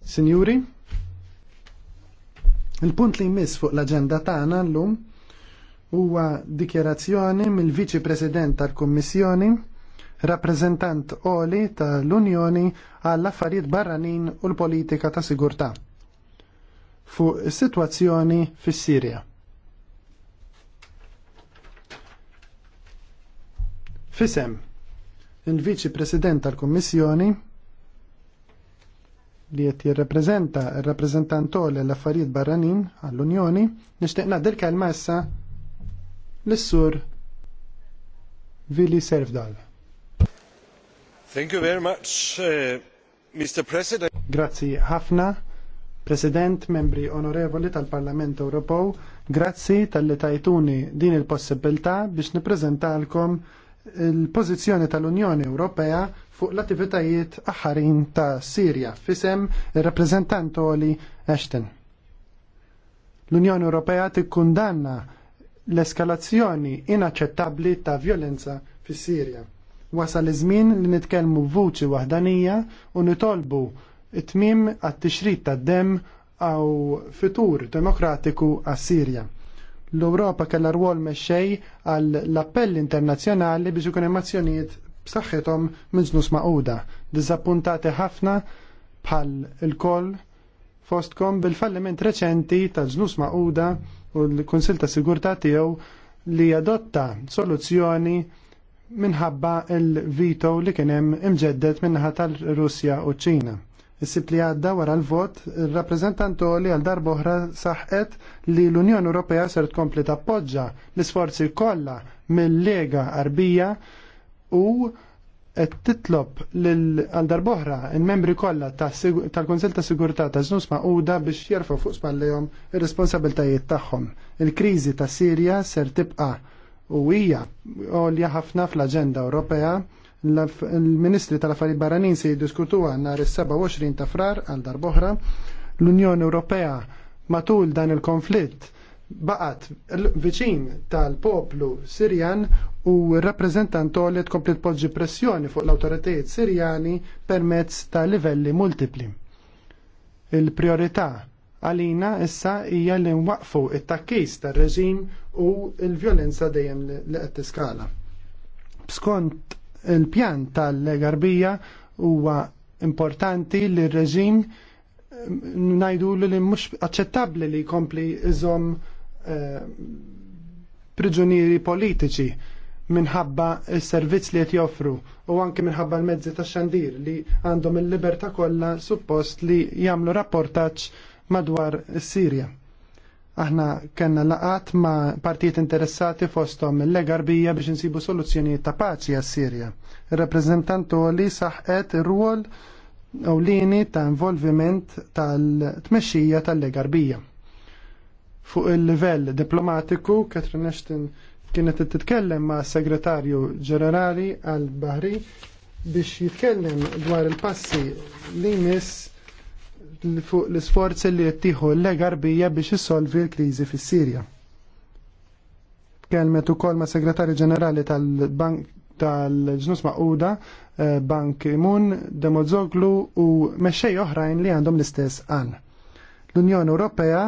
Signori, il-punt li jmiss fuq l-agenda tagħna llum huwa dikjerazzjoni mill-Viċi President tal-Kummissjoni, rappreżentant Oli tal-Unjoni għall affarijiet barranin u l-politika ta' sigurtà fuq is-sitwazzjoni fis-Sirja. Fisem, il-Viċi President tal-Kummissjoni li qed jirrappreżenta r-rappreżentantoli l-affarijiet barranin għall-Unjoni, nixtieq ngħaddi kelma issa lis-sur Vili Serfdal. Thank you very much, uh, Mr. President. Grazzi ħafna, President, membri onorevoli tal-Parlament Ewropew, grazzi tal-li tajtuni din il-possibilità biex niprezentalkom il-pożizzjoni tal-Unjoni Ewropea fuq l-attivitajiet aħħarin ta' Sirja fisem ir-rappreżentant Oli Ashton. L-Unjoni Ewropea tikkundanna l-eskalazzjoni inaċċettabbli ta' violenza fis Sirja. Wasal iż-żmien li nitkellmu b'vuċi waħdanija u nitolbu it-tmim għat-tixrid tad-dem għaw fitur demokratiku għas-Sirja l-Europa kellha rwol mexxej għal l-appell internazzjonali biex ikun hemm azzjonijiet b'saħħithom minn Znus maquda. Diżappuntati ħafna bħal il-koll fostkom bil-falliment reċenti tal-ġnus maquda u l-Kunsil ta' Sigurtà tiegħu li adotta soluzzjoni minħabba il-vito li kien hemm imġeddet minnaħa tal-Russja u ċ-Ċina is li għadda wara l-vot, il-rappresentantu li għal darba oħra saħqet li l-Unjoni Ewropea ser tkompli tappoġġa l-isforzi kollha mill-Lega Arbija u qed titlob għal darba oħra il-membri kollha tal-Kunsill ta' Sigurtà ta' Żnus Maquda biex jerfgħu fuq spallejhom ir-responsabiltajiet tagħhom. Il-kriżi ta' Sirja ser tibqa' u hija għolja ħafna fl-Aġenda Ewropea Il-Ministri tal-Affarijiet Barranin se jiddiskutuha nhar is-27 ta' frar għal darb'oħra. L-Unjoni Ewropea matul dan il-konflitt baqat viċin tal-poplu Sirjan u rappresentant li tkompli tpoġġi pressjoni fuq l-awtoritajiet Sirjani permezz ta' livelli multipli. Il-priorità għalina issa hija li nwaqfu it-takkis tar-reġim u l-vjolenza dejjem li qed tiskala. Skont Il-pjan tal-garbija huwa importanti li r-reġim mm, najdu li mhux aċċettabbli li jkompli iżom eh, priġunieri politiċi minħabba s-servizz li qed joffru u anke minħabba l-mezzi tax xandir li għandhom il-libertà kollha suppost li jagħmlu rapportaċ madwar is-Sirja. Aħna kellna laqat ma' partijiet interessati fosthom il legarbija biex insibu soluzzjonijiet ta' paċi għas sirja ir reprezentant li saħqet ir-rwol ewlieni ta' involviment tal-tmexxija tal legarbija Fuq il-livell diplomatiku, Catherine Ashton kienet titkellem ma' segretarju ġenerali għal Bahri biex jitkellem dwar il-passi li miss fuq l-isforzi li jittieħu l-legarbija biex isolvi l-kriżi fis-Sirja. Kelmet ukoll ma' Segretarju Ġenerali tal-Bank tal-ġnus maquda, eh, Bank Imun, Demozoglu u mexej oħrajn li għandhom l-istess għan. L-Unjoni Ewropea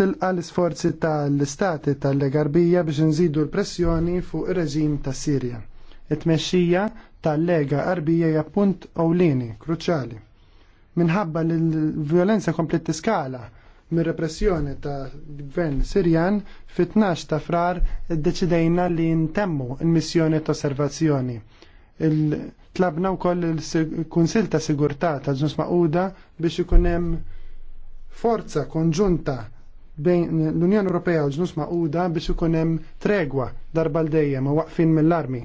tilqa l-isforzi tal-istati tal-legarbija biex nżidu l-pressjoni fuq ir-reġim tas Sirja. It-tmexxija tal-lega Arbija hija punt ewlieni, minħabba li l-violenza komplet t-skala mir repressjoni ta' gvern Sirjan fit-12 ta' frar deċidejna li ntemmu il-missjoni ta' osservazzjoni. Tlabna wkoll il-Kunsil ta' Sigurtà ta' Ġnus Maquda biex ikun hemm forza konġunta bejn l-Unjoni Ewropea u Ġnus Maquda biex ikun hemm tregwa darba l-dejjem u waqfin mill-armi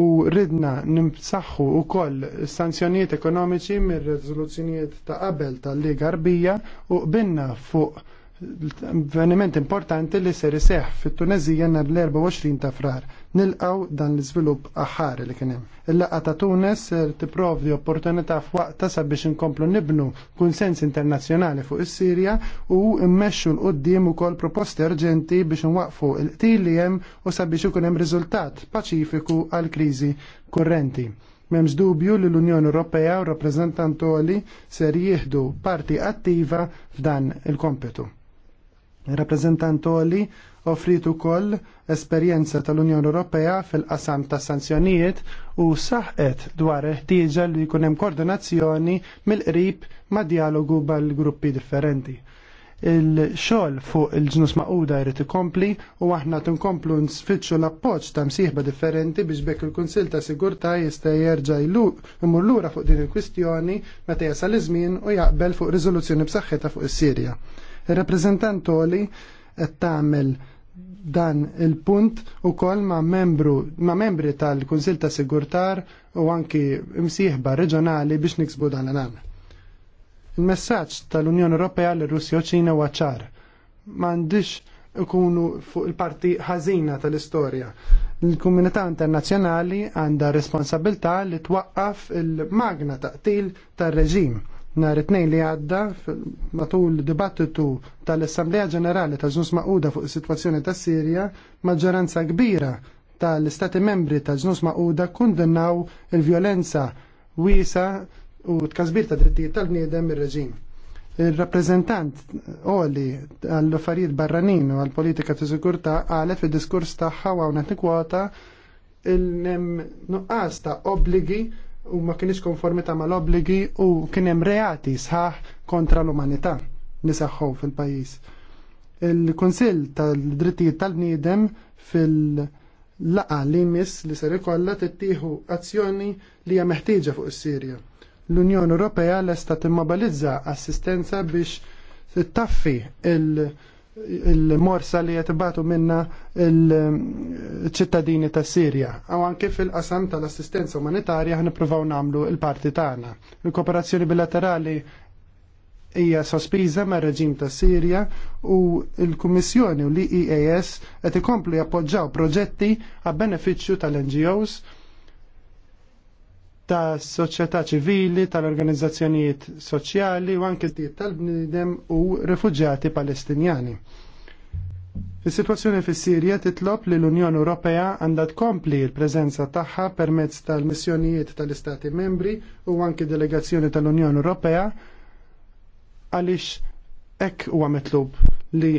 u ridna nimsaħħu u koll sanzjonijiet ekonomiċi mir rezoluzzjonijiet ta' qabel tal-Liga Arbija u qbinna fuq veniment importanti li ser iseħħ fit-Tunezija nhar l-24 ta' frar. Nilqaw dan l-iżvilupp aħħar li kien hemm. Il-laqgħa ta' Tunes ser tipprovdi opportunità f'waqta sabiex inkomplu nibnu kunsens internazzjonali fuq is-Sirja u mmexxu l qudiem ukoll proposti urġenti biex nwaqfu l-qtil li hemm u sabiex ikun hemm riżultat paċifiku għall kriżi kurrenti. Memx dubju li l-Unjoni Ewropea u rappreżentantoli ser jieħdu parti attiva f'dan il-kompetu. Rappreżentantoli offrit ukoll esperjenza tal-Unjoni Ewropea fil-qasam ta' sanzjonijiet u saħqet dwar ħtieġa li jkun hemm koordinazzjoni mill-qrib ma' dialogu bal-gruppi differenti il-xol fuq il-ġnus maquda jrid ikompli u aħna tinkomplu nsfittxu l-appoġġ ta' msieħba differenti biex bekk il kunsill ta' Sigurtà jista' jerġa' imur lura fuq din il-kwistjoni meta jasal iż-żmien u jaqbel fuq riżoluzzjoni b'saħħitha fuq is-Sirja. Il-reprezentantoli qed tagħmel dan il-punt u kol ma, membru, ma membri tal-Kunsil ta' Sigurtar u anki msieħba reġjonali biex niksbu dan l għam Il-messagġ tal-Unjoni Ewropea l russja u ċina huwa ċar. M'għandix ikunu fuq il-parti ħażina tal-istorja. Il-komunità internazzjonali għandha responsabilità li twaqqaf il-magna taqtil tar-reġim Nhar it-tnejn li għadda matul dibattitu tal-Assemblea Ġenerali ta' ġnus Maquda fuq is-sitwazzjoni tas-Sirja, maġġoranza kbira tal-Istati membri ta' ġnus Maquda kundennaw il-vjolenza wiesa u tkasbir ta' drittijiet tal-bniedem ir-reġim. Il-rappresentant oli għall-affarijiet barranin u għall-politika ta' Sigurta' għalet fid diskurs tagħha u għawna nikwota il-nuqqas ta' obbligi u ma kienx konformita mal obbligi u kien hemm reati sħaħ kontra l-umanità li seħħu fil-pajjiż. Il-Kunsill tal-Drittijiet tal-Bniedem fil-laqa li jmiss li ser ikollha tittieħu azzjoni li hija meħtieġa fuq is-Sirja. L-Unjoni Ewropea lesta timmobilizza assistenza biex taffi il- il-morsa li jatibatu minna il-ċittadini ta' Sirja. Għaw anke fil-qasam tal-assistenza umanitarja għan provaw namlu il-parti tagħna. Il-kooperazzjoni bilaterali hija sospiża ma' reġim ta' Sirja u il-Kummissjoni u l-EAS qed ikomplu jappoġġaw proġetti għab benefiċċju tal-NGOs ta' soċjetà ċivili, tal-organizzazzjonijiet soċjali u anke tal-bnidem u refuġjati palestinjani. Is-sitwazzjoni fis-Sirja titlob li l-Unjoni Ewropea għandha tkompli l-preżenza tagħha permezz tal-missjonijiet tal-Istati membri u anke delegazzjoni tal-Unjoni Ewropea għaliex hekk huwa mitlub li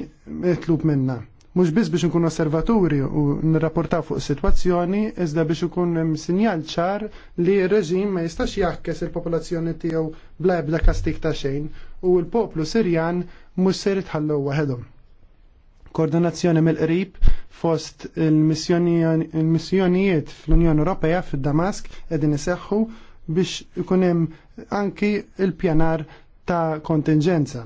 mitlub minna mhux biss biex nkun osservaturi u nirrapportaw fuq is-sitwazzjoni, iżda biex ikun hemm sinjal ċar li r-reġim ma jistax jaħkes il-popolazzjoni tiegħu bla ebda kastik ta' xejn u l-poplu Sirjan mhux ser itħallew waħedhom. Koordinazzjoni mill-qrib fost il-missjonijiet fl-Unjoni Ewropea fid-Damask qegħdin iseħħu biex ikun hemm anki il-pjanar ta' kontingenza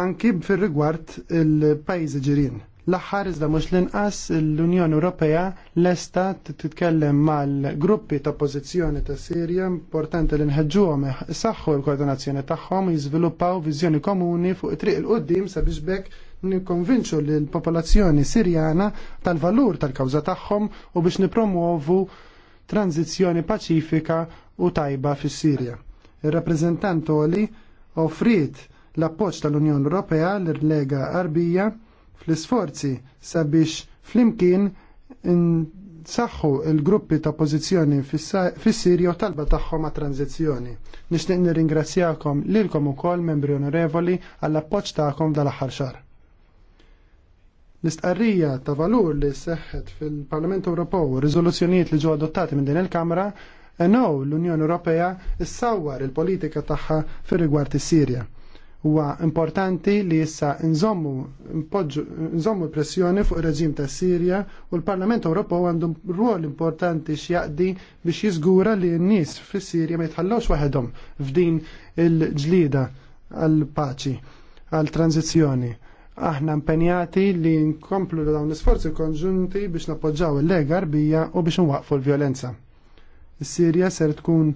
anki fil rigward il-pajjiżi ġirien. L-aħħar iżda mhux l-inqas l-Unjoni Ewropea lesta titkellem mal-gruppi ta' pożizzjoni ta' Sirja importanti li nħeġġuhom saħħu l-koordinazzjoni tagħhom jiżviluppaw viżjoni komuni fuq it-triq il-qudiem sabiex bekk nikkonvinċu l-popolazzjoni sirjana tal-valur tal-kawża tagħhom u biex nipromuovu tranzizzjoni paċifika u tajba fis-Sirja. Ir-rappreżentant Oli offrit l-appoġġ tal-Unjoni Ewropea l-Lega Arbija fl-isforzi sabiex flimkien saħħu il-gruppi ta' pożizzjoni fis-Sirja u talba tagħhom ma' tranzizzjoni. Nixtieq nirringrazzjakom lilkom ukoll membri onorevoli għall appoġġ tagħkom dal-aħħar xahar. L-istqarrija ta' valur li seħħet fil-Parlament Ewropew u riżoluzzjonijiet li ġew adottati minn din il-Kamra no l-Unjoni Ewropea issawwar il-politika tagħha fir-rigward is-Sirja. Huwa importanti li issa nżommu pressjoni fuq reġim ta' Sirja u l-Parlament Ewropew għandu rwol importanti x'jaqdi biex jiżgura li n-nies fis-Sirja ma jitħallawx waħedhom f'din il-ġlida għall-paċi, għall tranzizjoni Aħna impenjati li nkomplu dawn l-isforzi konġunti biex nappoġġaw il-lega arbija u biex nwaqfu l-vjolenza. Is-Sirja ser tkun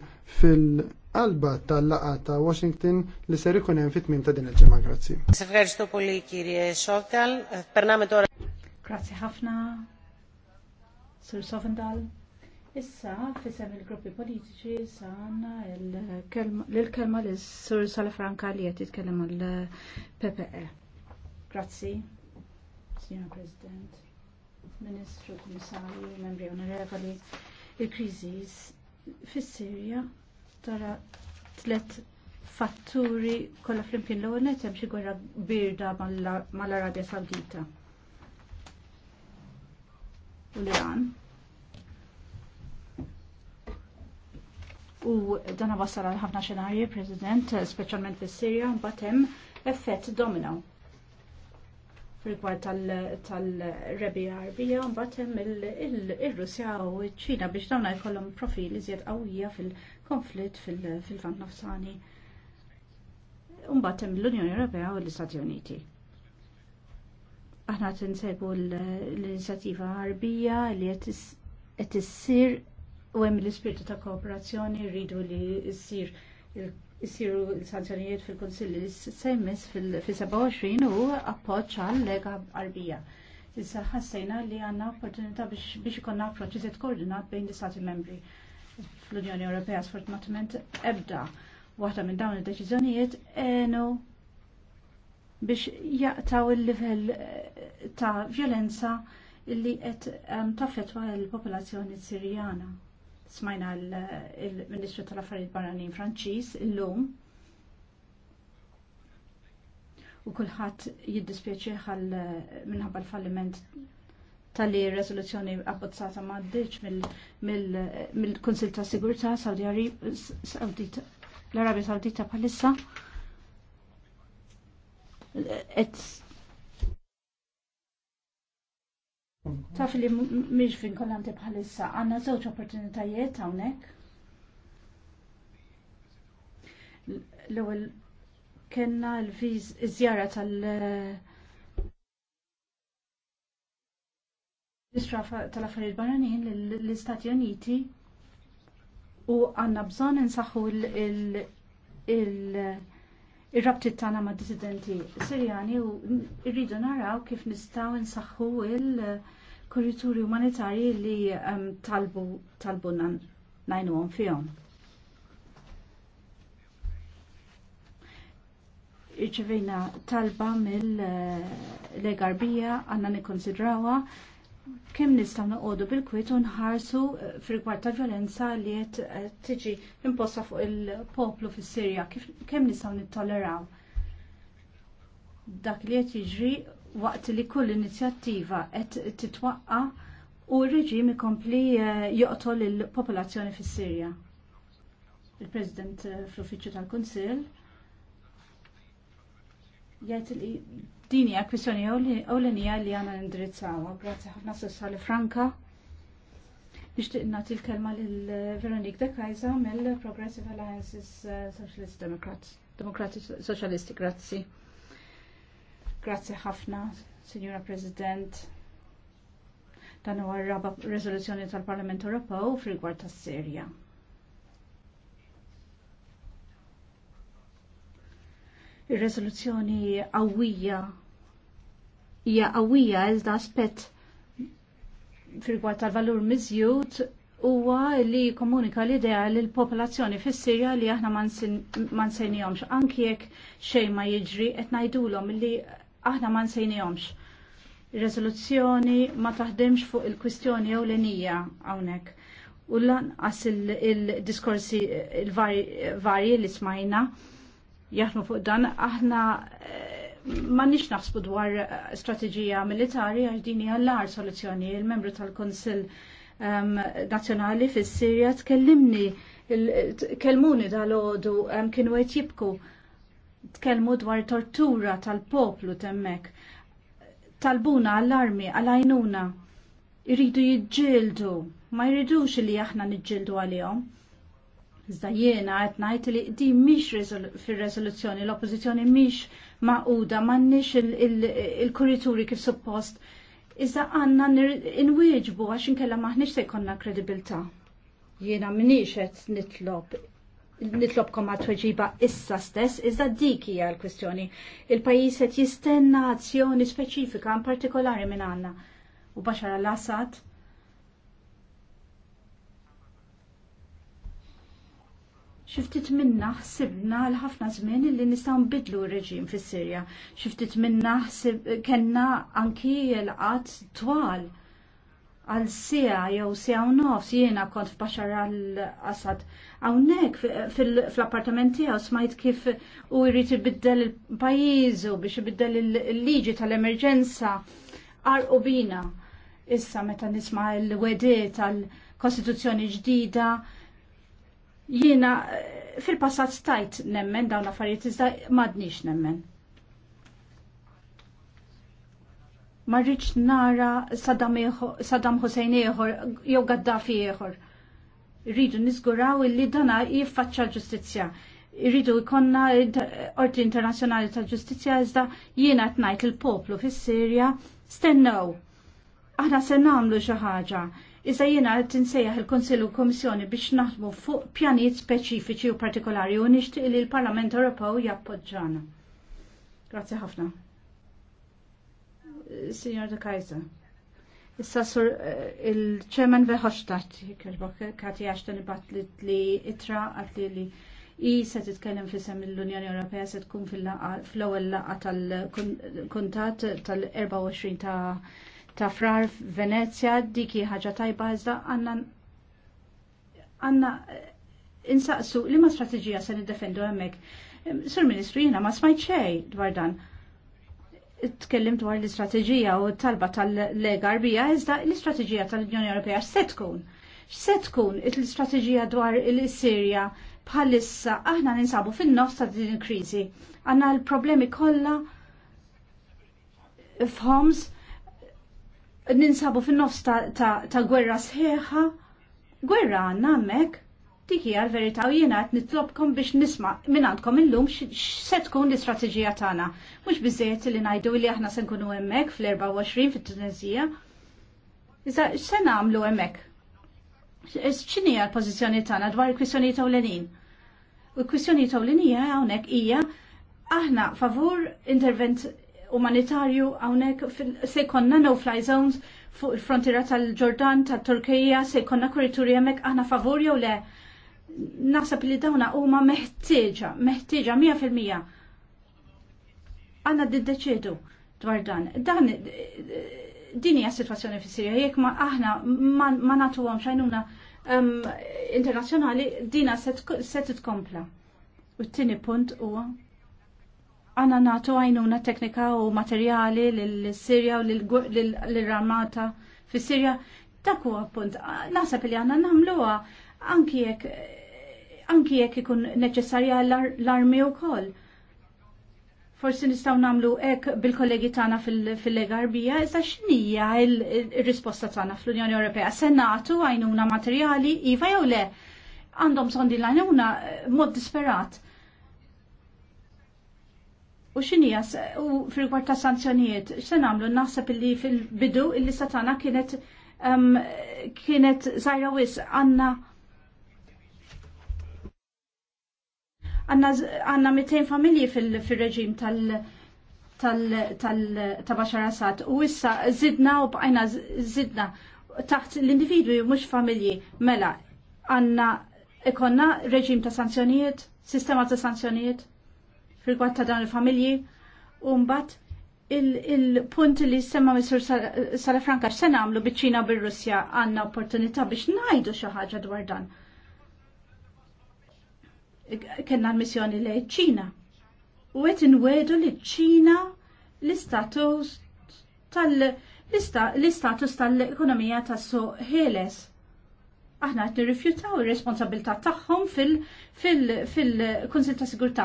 fil- fil tal-laqa ta' Washington li ser ikun hemm fit-tmiem ta' din il-ġimgħa. Grazzi. kirje ora. Grazzi ħafna, Sir Sovendal. Issa, fissem il-gruppi politiċi, Sanna għanna l-kelma l sur Salafranca li għet jitkellem għal-PPE. Grazzi, Signor President, Ministru, Komissarju, Membri Onorevoli, il krizis fis-Sirja tara tlet fatturi kollha flimkien l-ewwel net hemm xi gwerra birda mal-Arabja Sawdita. U l-Iran. U dan wassal għal ħafna xenarji, President, speċjalment fis-Sirja, mbagħad hemm effett domino rigward tal rebi arbija, mbagħad hemm il-Russja u ċ-Ċina biex dawn jkollhom profili iżjed qawwija fil- konflitt fil-vant nofsani. Umbat hemm l-Unjoni Ewropea u l-Istati Uniti. Aħna tinsejbu l-inizjattiva Arbija li qed issir u hemm l-ispirtu ta' kooperazzjoni rridu li issir issiru l-sanzjonijiet fil-Konsilli semmis fil-27 u appoġġ għal lega Arbija. Issa ħassejna li għanna opportunità biex ikonna approċċi koordinat bejn l-Istati membri fl-Unjoni Ewropea sfortunatament ebda waħda minn dawn id-deċiżjonijiet enu biex jaqtaw il-livell eh, ta' violenza illi qed ehm, taffetwa l-popolazzjoni Sirjana. Smajna l-Ministru tal-Affarijiet Barranin Franċiż illum u kulħadd jiddispjaċi minħabba l-falliment tal-li resoluzzjoni abbozzata ma' d-dirċ mill-Konsil ta' Sigurta l-Arabia Saudita palissa. Taf li miex fin kollanti bħalissa, għanna zoċ opportunitajiet għawnek. L-ewel kena l-viz, iż-żjara tal- Ministra tal-Affarijiet Barranin l-Istati Uniti u għanna bżon nsaħħu il-rabtit tagħna ma' dissidenti Sirjani u rridu naraw kif nistgħu nsaħħu il-kurrituri umanitarji li talbu talbu najnuhom fihom. irċivejna talba mill-legarbija eh, għanna nikonsidrawa kemm nistgħu noqogħdu bil-kwiet unħarsu nħarsu eh, fil-rigward ta' violenza li qed eh, tiġi imposta fuq il-poplu fis-Sirja, kemm nistgħu nittoleraw dak li qed jiġri waqt li kull inizjattiva qed titwaqqa u r-reġim ikompli eh, joqtol il-popolazzjoni fis-Sirja. Il-President fl-Uffiċċju tal-Kunsill jgħid li Dini hija kwistjoni ewlenija li għandna indirizzawa. Grazzi ħafna Sali Franka. Nixtieq nagħti l-kelma lil Veronique De Kaiser mill-Progressive Alliances uh, Socialist Democrats. Demokratiċi Soċjalisti, grazzi. Grazzi ħafna, Signora President. Dan huwa r-raba riżoluzzjoni tal-Parlament Ewropew fil-gwar tas-Sirja. Ir-rezoluzzjoni qawwija hija qawwija iżda aspett fil-gwad tal-valur miżjud huwa li komunika l-idea li l popolazzjoni fis-Sirja li aħna ma nsejnihomx anki jekk xejn ma jiġri qed ngħidulhom li aħna ma nsejnihomx. Rezoluzzjoni ma taħdimx fuq il-kwistjoni ewlenija hawnhekk. U lanqas il-diskorsi il-varji li smajna jaħnu fuq dan, aħna eh, ma nix naħsbu dwar eh, strategija militari għax dini għallar soluzzjoni. Il-membru tal-Konsil um, ehm, Nazjonali fis sirja tkellimni, kellmuni dal-ħodu, um, ehm, kienu għet jibku, tkellmu dwar tortura tal-poplu temmek, talbuna għall-armi, għall-ajnuna, irridu jġildu, ma jridux li aħna nġildu għalihom Iżda jiena qed ngħid li di mhix fir resoluzzjoni l-oppożizzjoni mhix maquda m'għandniex il-kurituri kif suppost. Iżda għandna inwieġbu għax inkella maħniex se jkollna kredibilità. Jiena m'iniex qed nitlob nitlobkom għat tweġiba issa stess, iżda dik hija l-kwestjoni. Il-pajjiż qed jistenna azzjoni speċifika in partikolari minn għandna. U Bashar al-Assad xiftit minna ħsibna l-ħafna żmien li nistgħu nbidlu r-reġim fis-Sirja. Xiftit minna ħsib kellna anki l-qatt twal għal sija jew sija u nofs jiena kont f'Bashar al-Assad. Hawnhekk fl-appartament tiegħu smajt kif u jrid ibiddel il-pajjiżu biex ibiddel il-liġi tal-emerġenza arqu bina. Issa meta nisma' l-wedet għall kostituzzjoni ġdida, Jiena eh, fil-passat stajt nemmen dawn affarijiet iżda m'għadniex nemmen. Ma rridx nara Saddam Hussein ieħor jew Gaddafi ieħor. Rridu niżguraw illi dana jiffaċċa l-ġustizzja irridu jkonna orti internazjonali ta' ġustizja iżda jiena tnajt il-poplu fis-Sirja stennew. Aħna se nagħmlu xi ħaġa. Iżda jiena tinsejjaħ il konsill u Komissjoni biex naħdmu fuq pjanijiet speċifiċi u partikolari u nixtieq li l-Parlament Ewropew jappoġġana. Grazzi ħafna. Signor De Kaiser. Issa sur eh, il-ċemen veħoċtat, kerbok, kati għaxtan ibat li itra għat li li i se titkellem fisem l-Unjoni Ewropea se tkun fil-ewwel laqgħa tal-kuntat tal-24 ta' ta' frar Venezia diki ħaġa tajba iżda għanna għanna eh, insaqsu li ma strategija se niddefendu hemmhekk. Sur Ministru jiena ma smajt xejn dwar dan. Tkellim dwar l-istrateġija u talba tal-Lega Arbija iżda l-istrateġija tal-Unjoni Ewropea x'se tkun? X'se tkun l-istrateġija dwar il-Sirja bħalissa aħna ninsabu fin-nofs ta' din il-kriżi. Għandna l-problemi kollha f'Homs ninsabu fin-nofs ta', ta, ta gwerra sħiħa, gwerra għanna hemmhekk. Dik għal l-verità u jena qed nitlobkom biex nisma' minn għandkom illum x'se tkun l-istrateġija tagħna. Mhux bizzejt li ngħidu li aħna se nkunu hemmhekk fl-24 fit-Tunisija. Iżda x'se nagħmlu hemmhekk? X'inhi hija l-pożizzjoni tagħna dwar il-kwistjonijiet ewlenin? U l-kwistjonijiet ewlenija hawnhekk hija aħna favur intervent umanitarju hawnhekk se jkollna no-fly zones fuq il-frontiera tal-Ġordan, tal-Turkija, se jkollna kurituri hemmhekk aħna favur jew le. Naħseb li dawna huma meħtieġa, meħtieġa 100%. Għanna diddeċedu dwar dan. Dan din hija situazzjoni fis-Sirja jekk ma aħna ma nagħtuhom xajnuna um, internazzjonali dina se titkompla. U t-tieni punt huwa għanna natu għajnuna teknika u materjali l-Sirja u l-Ramata fi Sirja. Dak huwa punt. Nasab li għanna namluwa anki jekk ikun neċessarja l-armi u kol. Forsi nistaw namlu ek bil-kollegi tana fil-legarbija, iżda xinija il-risposta tana fl-Unjoni Ewropea. Senatu għajnuna materjali, iva jew le, għandhom sondi l-għajnuna eh, mod disperat U xinija, u fil-gwar ta' sanzjonijiet, x'se nagħmlu naħseb illi fil-bidu illi satana kienet um, kienet zaħra wis għanna għanna 200 familji fil-reġim fil tal-Bashar tal, tal, tal u issa zidna u bqajna zidna taħt l-individwi mux familji mela għanna ikonna reġim ta' sanzjonijiet, sistema ta' sanzjonijiet rigward ta' dawn il-familji u mbagħad il-punt il li semma Mr. Salafranka se nagħmlu biċ-Ċina bir-Russja għandna opportunità biex ngħidu xi ħaġa dwar dan. Kenna l-missjoni li ċina. U qed inwedu li ċina l-istatus tal-istatus tal-ekonomija tas-suq ħieles aħna qed nirrifjutaw ir-responsabilità tagħhom fil konsil ta' Sigurtà.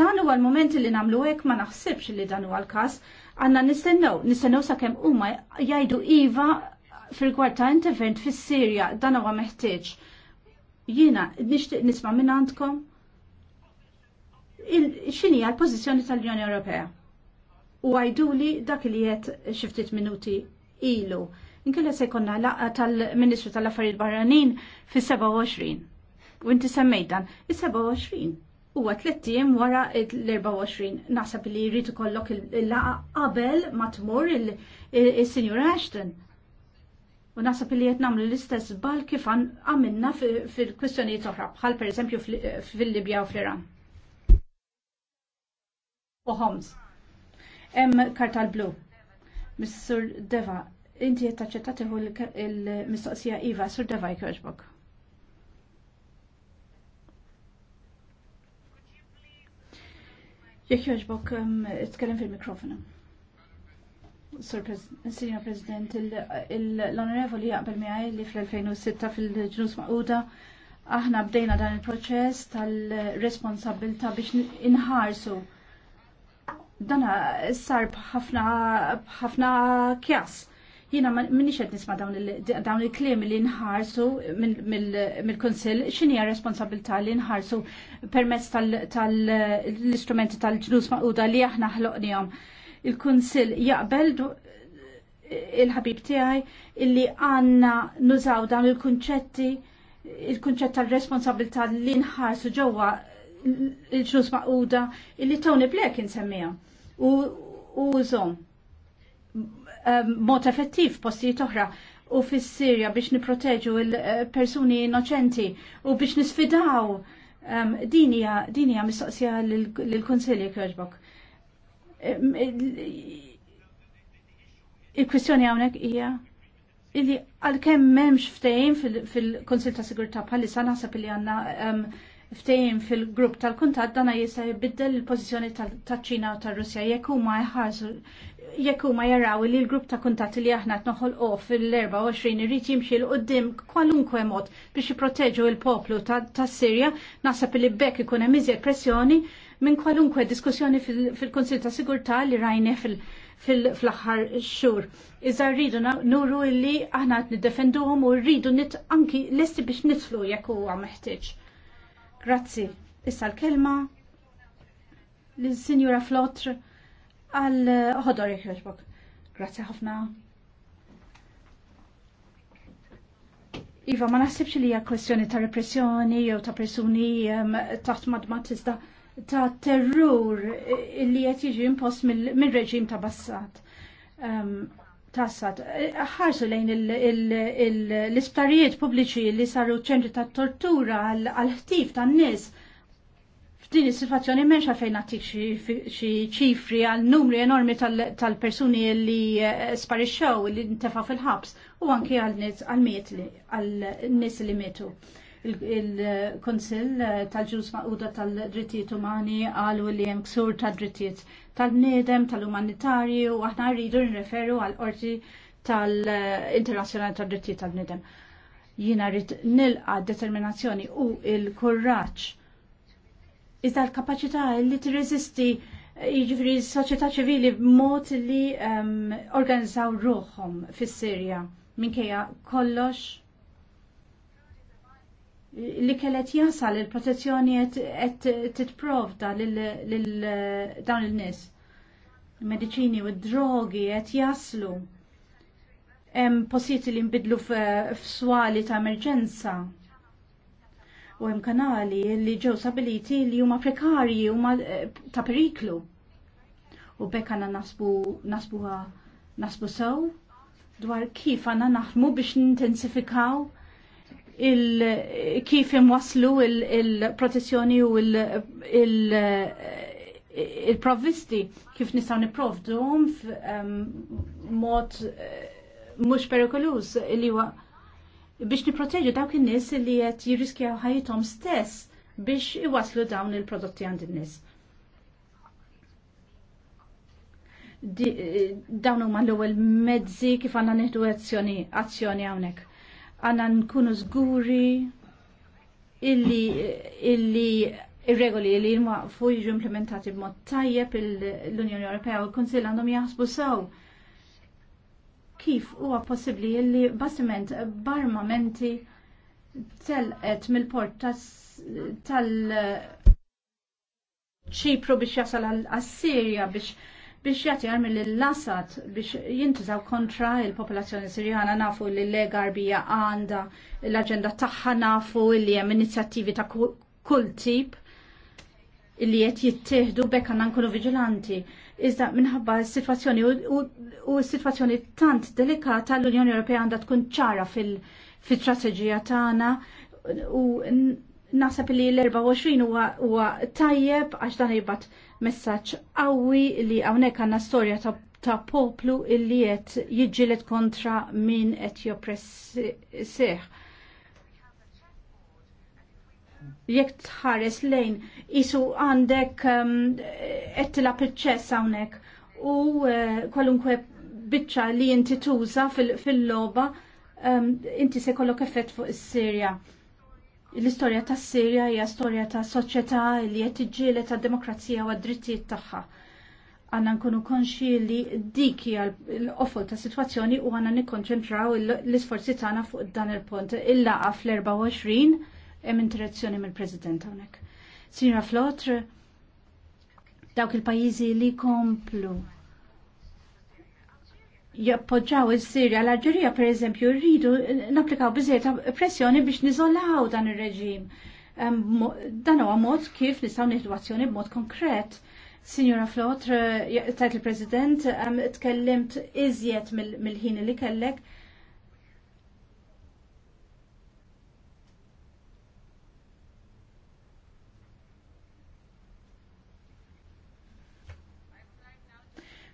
Dan huwa l-moment li nagħmlu hekk ma naħsibx li dan huwa l-każ. Għandna nistennew, nistennew sakemm huma jgħidu iva fil-gwar ta' intervent fis-Sirja, dan huwa meħtieġ. Jiena nixtieq nisma' minn għandkom x'inhi l-pożizzjoni tal-Unjoni Ewropea. U għajdu li dak li qed xi ftit minuti ilu Inkella se jkollna laqa tal-Ministru tal-Affarijiet Barranin fis-27. U inti semmejt dan, is-27 huwa tliet ijiem wara l-24 naħseb li jrid ikollok il-laqgħa qabel ma tmur is-Sinjur Ashton. U naħseb li qed nagħmlu l-istess bal kif għamilna fil-kwistjonijiet oħra bħal pereżempju fil-Libja u fl-Iran. U Homs. Hemm kartal blu. Mr. Deva, Inti jett taċċetta tieħu l-mistoqsija Iva sur Devaj Jek Jekk jogħġbok, um, tkellem fil-mikrofonu. Sur Sirina President, l-Onorevoli jaqbel għaj li fl-2006 fil-ġnus maquda aħna bdejna dan il-proċess tal-responsabilta biex inħarsu. Dana sarb ħafna kjas Jiena minix qed nisma' dawn il klim li nħarsu mill-Kunsill x'inhi hija responsabilità li nħarsu permezz tal-istrumenti tal-ġlus maquda li aħna ħloqnijom. Il-Kunsill jaqbel il-ħabib tiegħi illi għandna nużaw dawn il-kunċetti il-kunċett tal-responsabilità li nħarsu ġewwa il-ġlus maquda illi Tony blek insemmija. U użom Um, mod effettiv postijiet oħra u fis-Sirja biex niproteġu il-persuni innoċenti u biex nisfidaw um, dinja, dinja mistoqsija l kunsilli Kirchbok. Um, il-kwistjoni hawnhekk hija illi għalkemm m'hemmx ftehim fil kunsill ta' sigurtà bħalissa naħseb li għandna um, fil-grupp tal-kuntat dana jista' jibiddel il-pożizzjoni tal-Ċina u tal-Russja jekk huma jħarsu jekk huma jaraw li l-grupp ta' kuntat li aħna tnoħol u fil-24 irid jimxi l qudiem kwalunkwe mod biex jipproteġu l-poplu tas Sirja, naħseb li bekk ikun hemm iżjed pressjoni minn kwalunkwe diskussjoni fil-Kunsil ta' Sigurtà li rajne fil-aħħar xhur. Iżda rridu nuru li aħna qed niddefenduhom u rridu nit anki lesti biex nitflu jekk huwa meħtieġ. Grazzi. Issa l-kelma lis sinjura Flotr għal ħodor jħirġbok. Grazie ħafna. Iva, ma naħsibx li hija kwestjoni ta' repressjoni jew ta' persuni taħt madmat ta' terrur li qed jiġi impost mir reġim ta' Bassat. Tassat, ħarsu lejn l-isptarijiet pubbliċi li saru ċentri ta' tortura għal-ħtif tan-nies F'din is-sitwazzjoni m'hemmx fejn nagħtik xi ċifri għal numri enormi tal-persuni li eh, sparixxew li ntefgħu fil-ħabs u anke għal nies għal miet għal nies li mietu. il konsil eh, tal-Ġus Maquda tal-Drittijiet Umani għalu li hemm ksur tad-drittijiet tal-bniedem, tal-umanitarju, u aħna rridu nreferu għal qorti tal-Internazzjonali tad-Drittijiet tal-Bniedem. Jiena rrid nilqa determinazzjoni u il-kurraġġ Iżda l-kapacità li tirreżisti jiġifieri s-soċjetà ċivili b'mod li um, organizzaw ruħhom fis-Sirja minkejja kollox li kellet jasal il-protezzjoni qed titprovda lil dawn il-nies. Mediċini u d-drogi qed jaslu hemm positi li nbidlu f'swali ta' emerġenza u hemm kanali li ġew stabiliti li huma prekarji huma eh, ta' periklu. U bekk għandna nasbu nasbu sew dwar kif għandna naħdmu biex nintensifikaw il kif imwaslu il-protezzjoni u eh, il-provvisti kif nistgħu niprovdu mm, mod eh, mhux perikoluż li huwa biex niproteġu dawk in-nies li qed jirriskjaw ħajjithom stess biex iwaslu dawn il-prodotti għand in-nies. Eh, dawn huma l-ewwel mezzi kif għandna nieħdu azzjoni azzjoni hawnhekk. Għandna nkunu żguri illi illi ir-regoli li jmaqfu jiġu implementati b'mod tajjeb l-Unjoni Ewropea u l-Kunsill għandhom jaħsbu sew kif huwa possibbli li basiment barmamenti telqet mill-port tal- ċipru biex jasal għal-Assirja biex biex jati li l lasat biex jintużaw kontra il-popolazzjoni sirjana nafu li l legar bija għanda l-agenda taħħa nafu li jem inizjattivi ta' kull tip li jett jittihdu bekka nankunu vigilanti Iżda minħabba s-situazzjoni u s-situazzjoni tant delikata l-Unjoni Ewropea għandha tkun ċara fil-strategija tagħna u naħseb li l-24 huwa tajjeb għax dan jibgħat messaġġ qawwi li hawnhekk għandna storja ta' poplu illi qed jiġġieled kontra min qed joppress seħ jekk tħares lejn isu għandek qed um, tilab iċ hawnhekk u uh, kwalunkwe biċċa li inti tuża fil-logħba um, inti se kollok effett fuq is-Sirja. L-istorja tas Sirja hija storja ta' soċjetà li qed tiġġieled ta' demokrazija u għad-drittijiet tagħha. Għanna nkunu konxi li dik hija l-qofol ta' sitwazzjoni u għanna nikkonċentraw l-isforzi tagħna fuq dan il-punt. Il-laqa fl-24 hemm interazzjoni mill-President hawnhekk. Sinjora Flotr, dawk il-pajjiżi li komplu jappoġġaw is-Sirja l-Alġerija pereżempju rridu napplikaw biżejjed pressjoni biex niżolaw dan ir-reġim. Dan huwa mod kif nistgħu nieħdu azzjoni b'mod konkret. Signora Flotr, tajt il-President, tkellimt iżjed mill-ħin li kellek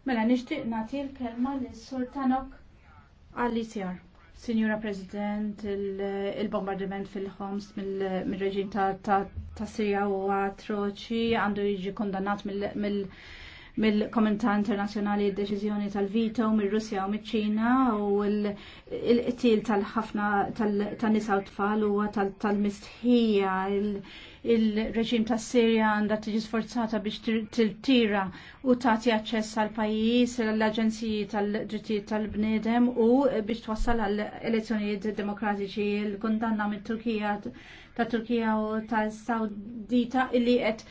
Mela nixtieq nagħti l-kelma lis-Sultanok għal icr Signora President, il-bombardiment fil-Homs mill-reġim ta' Sirja u atroċi għandu jiġi kondannat mill-Komunità Internazzjonali d-deċiżjoni tal-vito mill-Russja u mill-ċina u l-qtil tal-ħafna tan-nisa u tfal u tal-mistħija il-reġim ta' Sirja għandha tiġi sforzata biex tiltira u tagħti aċċess għal pajjiż l-Aġenziji tal-Drittijiet tal-Bniedem u biex twassal għal elezzjonijiet demokratiċi l kundanna mit-Turkija ta' Turkija u ta' Sawdita illi qed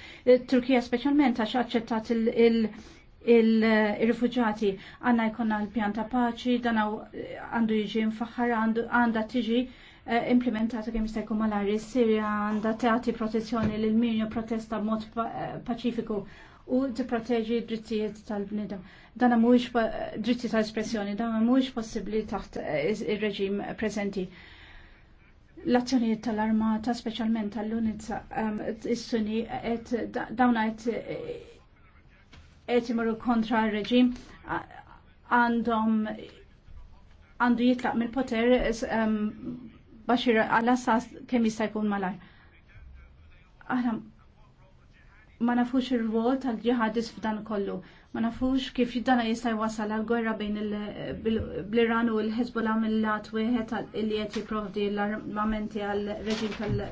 Turkija speċjalment għax aċċettat il- il-rifugġati għanna jkonna l-pjan ta' paċi, dan għandu jiġi mfaħħar, għanda tiġi Eh, implementata kemm jista' jkun malajr is-Sirja għandha tagħti protezzjoni lil min protesta b'mod eh, paċifiku u tipproteġi d-drittijiet tal-bnidem. Dan mhuwiex eh, dritti ta' espressjoni, dan mhuwiex possibbli taħt ir-reġim preżenti. L-azzjonijiet tal-armata, speċjalment tal-unitza is-Sunni, dawn qed imorru kontra r-reġim għandhom għandu jitlaq mill-poter Bashir al-Assad kemm jista' jkun malajr. Aħna ma nafux ir-rwol tal-ġihadis f'dan kollu. Ma nafux kif dan jista' jwassal għal gwerra bejn l-Iran u l-Hezbollah mill-lat wieħed li qed jipprovdi l-armamenti għal reġim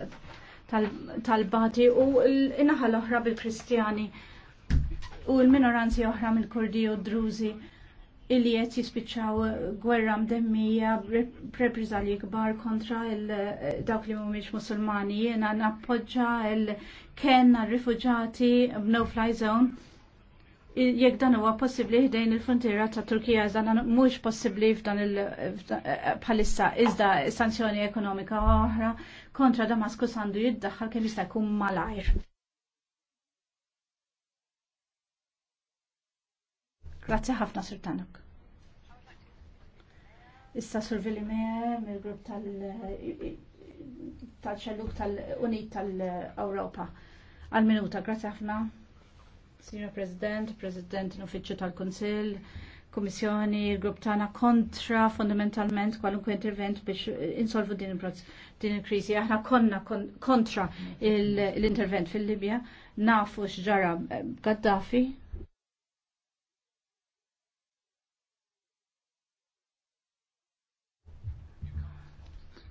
tal-Bati u l-inaħa l-oħra bil-Kristjani u l-minoranzi oħra mill-Kurdi u Druzi illi qed jispiċċaw gwerra mdemmija repriżalji kbar kontra dawk li mhumiex Musulmani jiena nappoġġa l ken rifuġati b'no fly zone jekk dan huwa possibbli ħdejn il-frontiera ta' Turkija dan mhux possibbli f'dan il bħalissa iżda sanzjoni ekonomika oħra kontra Damasku sandu jiddaħħal kemm jista' jkun malajr. Grazzi ħafna Sir Tanuk. Issa survili me mill-grupp tal-ċelluk tal-Unit tal-Europa. Għal-minuta, grazie ħafna. Signor President, President in Uffiċċju tal-Konsil, Kommissjoni, il-grupp tagħna kontra fundamentalment kwalunkwe intervent biex insolvu din il-kriżi. Aħna konna kontra l-intervent fil-Libja, nafu x'ġara Gaddafi,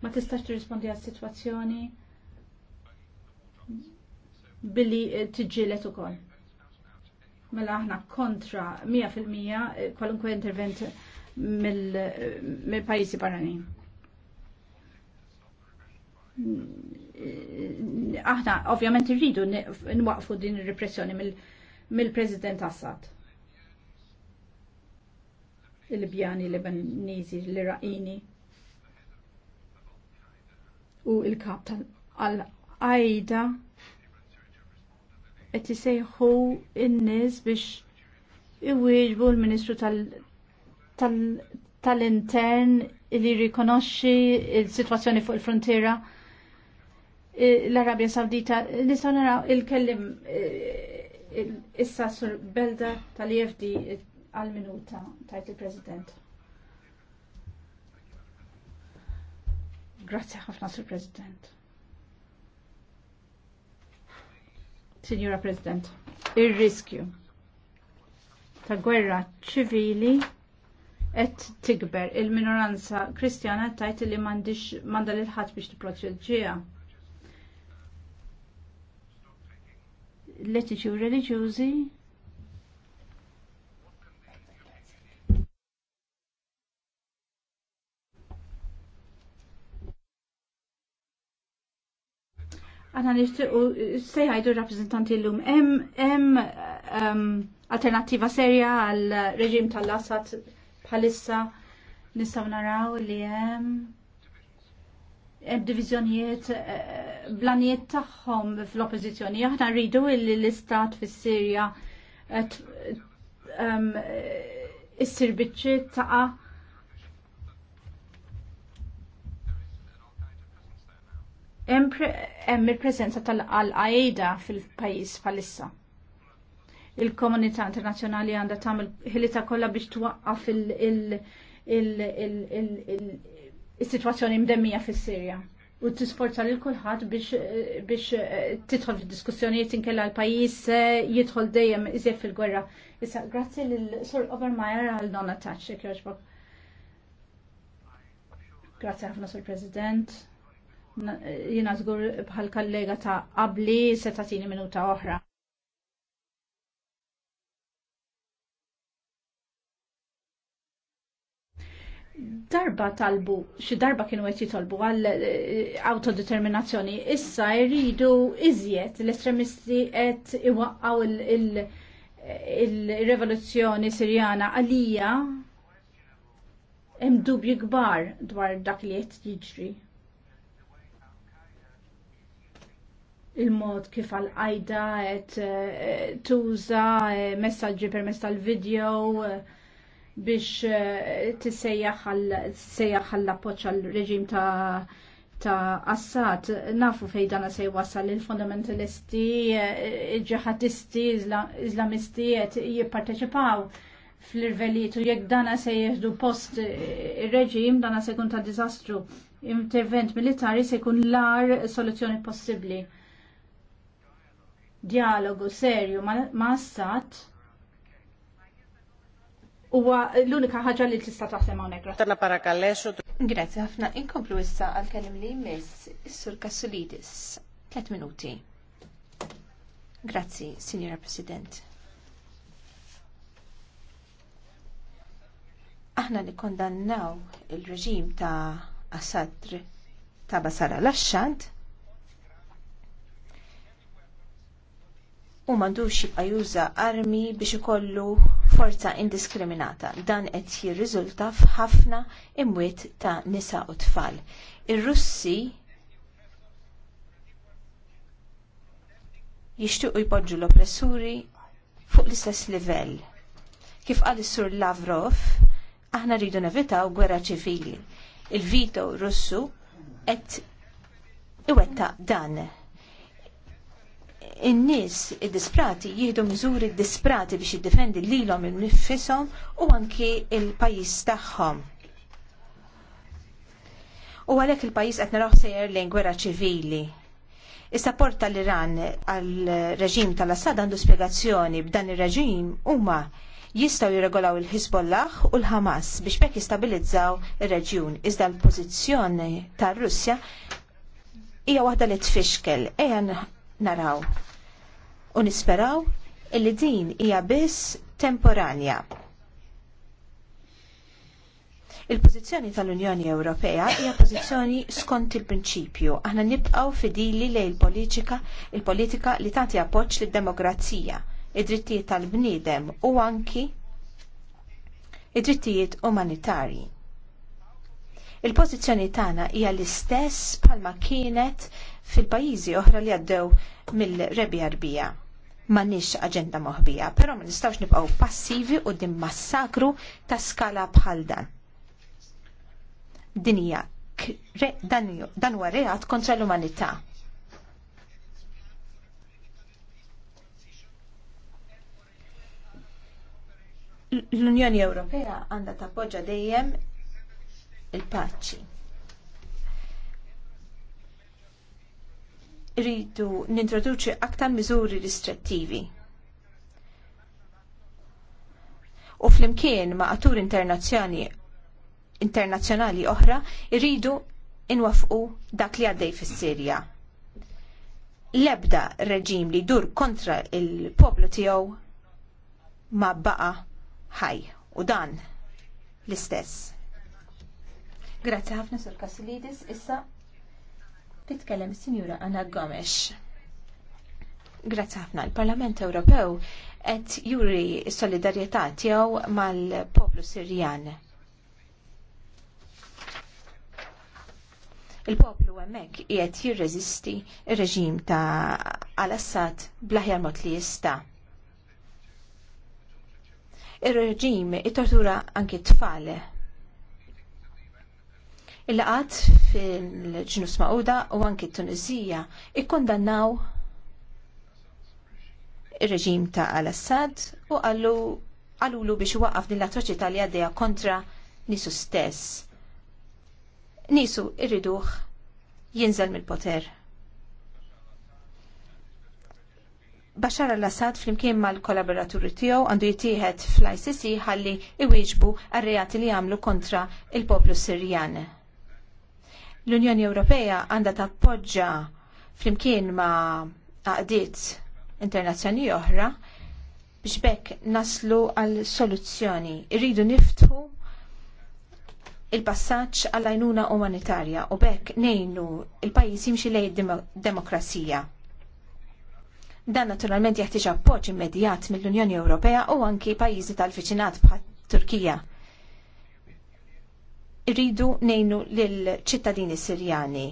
ma tistax tirrispondi għal situazzjoni billi eh, tiġġielet ukoll. Mela aħna kontra 100% eh, kwalunkwe intervent mill-pajjiżi eh, barranin. Mm, aħna ovvjament irridu nwaqfu din ir-repressjoni mill-President Assad il-bjani, l l-Iraqini u il-kap tal-għajda qed isejħu n-nies biex iwieġbu l-Ministru tal-Intern li jirrikonoxxi il-sitwazzjoni fuq il-frontiera eh, l-Arabja Sawdita. Nistgħu naraw il-kellim eh, issa sur Belda tal ifd għal-minuta tajt il-President. Grazzi ħafna, Sur President. Signora President, il-riskju ta' gwerra ċivili et tikber il-minoranza kristjana tajt li mandiċ manda il ħat biex t-proċedġija. L-etiċi u Għana nishtiqu sejħajdu rappresentanti l-lum. Em, em alternativa serja għal reġim tal-Assad bħalissa nistaw naraw li em divizjonijiet eh, blanijiet tagħhom fl-oppożizzjoni. Aħna rridu li l-istat fis-Sirja eh, ehm, eh, issir biċċi taqa' hemm il-preżenza tal-Al-Qaeda fil-pajjiż bħalissa. Il-komunità internazzjonali għandha tagħmel ħilita kollha biex twaqqaf il-sitwazzjoni mdemmija fis-Sirja u t-sforza li kulħadd biex eh, tidħol fil-diskussjonijiet inkella l-pajjiż jidħol dejjem iżjed fil-gwerra. Issa, grazzi l-Sur Obermeyer għal non attached, jek Grazzi ħafna, Sur President jina zgur bħal kallega ta' qabli seta' tini minuta oħra. Darba talbu, xi darba kienu qed jitolbu għal eh, autodeterminazzjoni, issa jridu iżjed l-estremisti qed iwaqqgħu il revoluzzjoni Sirjana għalija hemm dubju kbar dwar dak li qed jiġri. il-mod kif għal-qajda qed eh, tuża eh, messaġġi permezz tal-video eh, biex tissejjaħ għall-appoġġ għal reġim ta' ta' Assad nafu fej dana se wasal il-fundamentalisti, il-ġihadisti, islamisti qed jipparteċipaw fl-irveliet u jekk dana se jieħdu post ir-reġim dana se jkun ta' diżastru. Intervent militari se jkun l-ar soluzzjoni possibbli dialogu serju ma' Assad huwa l-unika ħaġa li tista' taħsem hawnhekk. Tana parakalesu. Grazzi ħafna. Inkomplu issa għal-kelim li jmiss is-Sur Kassulidis. Tlet minuti. Grazzi, Signora President. Aħna li kondannaw il-reġim ta' Assad ta' Basara l-Axxad u mandux jibqa' juża armi biex ikollu forza indiskriminata. Dan qed jirriżulta f'ħafna imwiet ta' nisa u tfal. Ir-Russi jixtiequ jpoġġu l-oppressuri fuq l-istess livell. Kif qal is-Sur Lavrov, aħna rridu nevitaw gwerra ċivili. Il-vito Russu qed iwettaq dan in-nies id-disprati jieħdu miżuri disprati biex jiddefendi lilhom innifishom u anki il-pajjiż tagħhom. U għalhekk il-pajjiż qed naraw sejjer lejn gwerra ċivili. Is-sapport tal-Iran għal reġim tal-Assad għandu spjegazzjoni b'dan ir-reġim huma jistgħu jirregolaw il-Hizbollah u l-Hamas biex bekk jistabilizzaw ir-reġjun. Iżda l-pożizzjoni tar-Russja hija waħda li tfixkel naraw. U nisperaw illi din hija biss temporanja. Il-pożizzjoni tal-Unjoni Ewropea hija pożizzjoni skont il-prinċipju. Aħna nibqgħu fidili lej il-politika, il-politika li tagħti appoġġ lid-demokrazija, id-drittijiet tal-bniedem u anki id-drittijiet umanitarji. Il-pożizzjoni tagħna hija l-istess bħalma kienet fil-pajjiżi oħra li għaddew mill-rebja rbija. M'għandniex aġenda moħbija, però ma nistgħux nibqgħu passivi u din massakru ta' skala bħal dan. Din hija dan huwa reat kontra l-umanità. l-Unjoni Ewropea għandha tappoġġa dejjem il-paċi. Rridu nintroduċi aktar miżuri ristrettivi. U flimkien ma' attur internazzjonali oħra rridu inwafqu dak li għaddej fis-Sirja. L-ebda reġim li dur kontra il-poplu tiegħu ma baqa ħaj u dan l-istess. Grazzi ħafna sur Kasilidis. Issa titkellem Sinjura Anna Gomes. Grazzi ħafna. Il-Parlament Ewropew qed juri s-solidarjetà tiegħu mal-poplu Sirjan. il-poplu hemmhekk qiegħed jirreżisti r reġim ta' Al-Assad bl-aħjar mod li jista'. Ir-reġim it-tortura anki t tfal il laqat fil-ġnus Mauda u anki t Tunizija ikkondannaw ir-reġim ta' Al-Assad u għallu biex waqaf din l-atroċità li għaddeja kontra nisu stess. Nisu irriduħ jinżel mill-poter. Bashar al-Assad flimkien mal kollaboraturi tiegħu għandu jittieħed fl-ICC ħalli iwieġbu għar-reati li għamlu kontra il-poplu Sirjan. L-Unjoni Ewropea għandha tappoġġa flimkien ma' għaqdiet internazzjoni oħra biex bekk naslu għal soluzzjoni. Irridu niftħu il-passaċ għall-għajnuna umanitarja u bekk nejnu il-pajis jimxi lej demokrazija. Dan naturalment jeħtieġ appoġġ immedjat mill-Unjoni Ewropea u anki pajjiżi tal-viċinat bħal Turkija rridu nejnu lill-ċittadini Sirjani.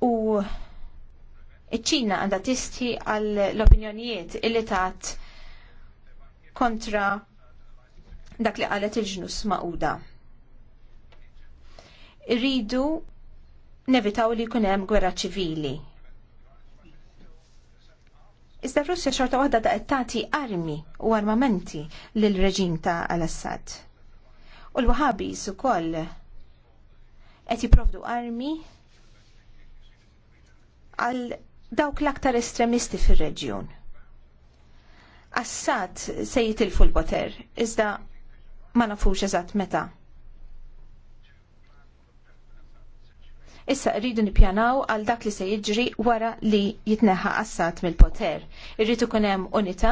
U iċ ċina għandha tisti għall l-opinjonijiet illi tat kontra dak li qalet il-ġnus maquda. Irridu nevitaw li jkun hemm gwerra ċivili Iżda Russja xorta waħda da tagħti armi u armamenti lil reġim ta' Al-Assad. U l-Wahabis ukoll qed jipprovdu armi għal dawk l-aktar estremisti fir-reġjun. Assad se jitilfu l-poter, iżda ma nafux eżatt meta. Issa rridu nippjanaw għal dak li se jiġri wara li jitneħħa assat mill-poter. Irridu kun hemm unità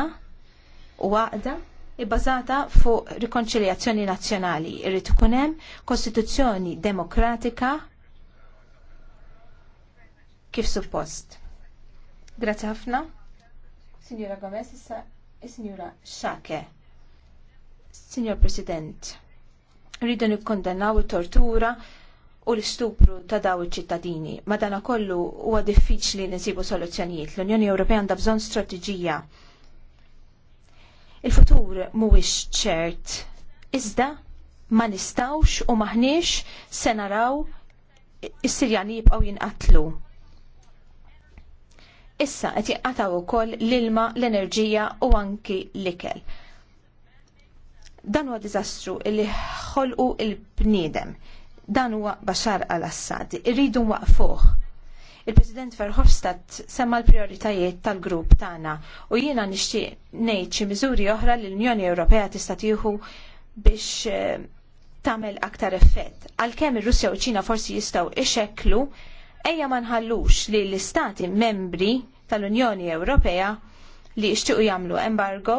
u għaqda ibbażata fuq rikonċiljazzjoni nazzjonali. Irridu kun hemm kostituzzjoni demokratika kif suppost. Grazzi ħafna. Signora Gomez, issa signora Xake. Signor President, rridu nikkondannaw it-tortura u l-istupru ta' daw iċ-ċittadini. Madankollu huwa diffiċli nisibu soluzzjonijiet. L-Unjoni Ewropea għandha bżonn strateġija. Il-futur mhuwiex ċert. Iżda ma nistawx u maħniex se naraw is-Sirjani jibqgħu jinqatlu. Issa qed jinqataw ukoll l-ilma, l-enerġija u anki l-ikel. Dan huwa diżastru li ħolqu il-bniedem. il bniedem Dan huwa Bashar al-Assad. Irridu nwaqfuh. Il-President Verhofstadt semma l-prioritajiet tal-grupp tagħna u jiena nixtieq ngħid xi miżuri oħra li l-Unjoni Ewropea tista' tieħu biex eh, tagħmel aktar effett. Għalkemm ir-Russja u ċina forsi jistgħu ixekklu, ejja ma nħallux li l-istati membri tal-Unjoni Ewropea li jixtiequ jagħmlu embargo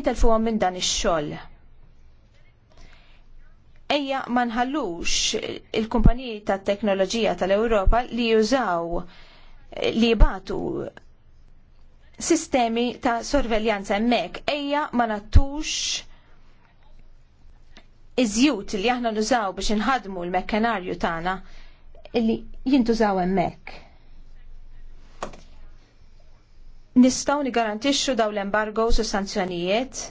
intelfuhom minn dan ix-xogħol ejja ma nħallux il-kumpaniji tat teknoloġija tal-Ewropa li jużaw li jibatu sistemi ta' sorveljanza hemmhekk ejja ma nattux iżjut li aħna nużaw biex inħadmu l-mekkanarju tagħna li jintużaw hemmhekk. Nistgħu nigarantixxu dawn l-embargo u sanzjonijiet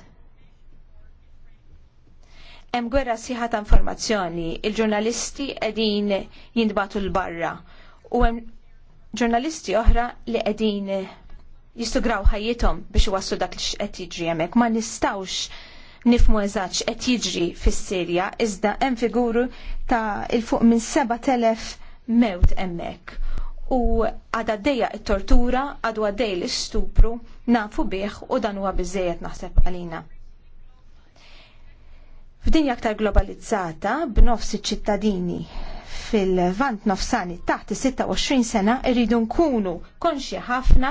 Hemm gwerra sħiħa ta' informazzjoni, il-ġurnalisti qegħdin jintbatu l-barra u hemm ġurnalisti oħra li qegħdin jistugraw ħajjithom biex iwasslu dak li qed jiġri hemmhekk. Ma nistgħux nifmu eżatt x'qed jiġri fis-Sirja iżda hemm figuru ta' il fuq minn 7000 mewt hemmhekk. U għadha għaddejja it-tortura, għadu għaddej l-istupru, nafu bih u dan huwa biżżejjed naħseb għalina. F'dinja aktar globalizzata, b'nofs iċ-ċittadini fil-vant nofsani taħt 26 sena irridu nkunu konxi ħafna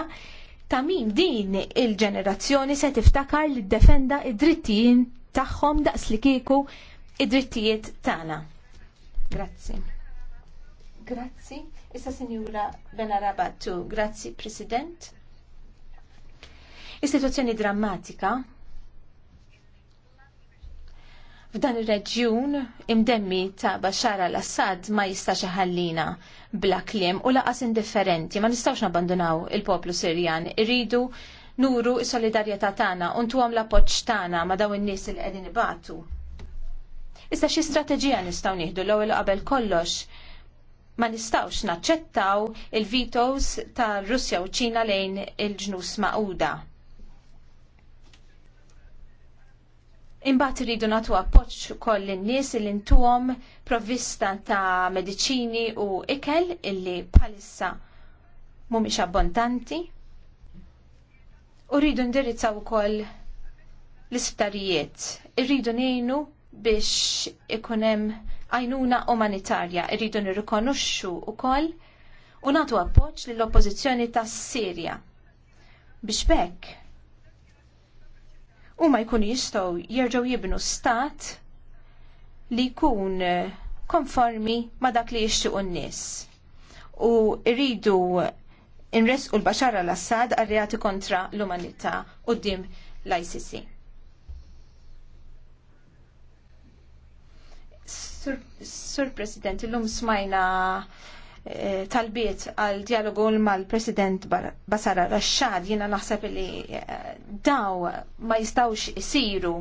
ta' min din il-ġenerazzjoni se tiftakar li defenda id-drittijiet tagħhom daqs li kieku id-drittijiet tagħna. Grazzi. Grazzi. Issa Sinjura Benarabattu, grazzi President. Istituzzjoni drammatika F'dan ir-reġjun imdemmi ta' Bashar al-Assad ma jistax ħallina bla kliem u laqas indifferenti, ma nistawx nabbandunaw il-poplu Sirjan. Irridu nuru s-solidarjetà tagħna u ntuhom l-appoġġ tagħna ma' daw in-nies li qegħdin ibatu. Issa xi strateġija nistgħu nieħdu l-ewwel qabel kollox ma nistawx naċċettaw il-vetoes ta' Russja u ċina lejn il-ġnus maquda. Imbagħad iridu nagħtu appoġġ ukoll lin-nies li ntuhom provvista ta' mediċini u ikel illi bħalissa mhumiex abbondanti. U rridu ndirizzaw ukoll l-isptarijiet. Irridu ngħinu biex ikun hemm għajnuna umanitarja. Irridu nirrikonoxxu ukoll u nagħtu appoġġ lill-oppożizzjoni tas-Sirja. Biex bekk u ma jkun jistow jirġaw jibnu stat li jkun eh, konformi ma dak li jixtiqu n-nies. U rridu nresqu l-Bashar al-Assad għarriati kontra l-umanità u dim l-ICC. Sur, Sur President, l-lum smajna Eh, talbiet għal dialogu mal-President Basara Rashad jiena naħseb li eh, daw ma jistawx isiru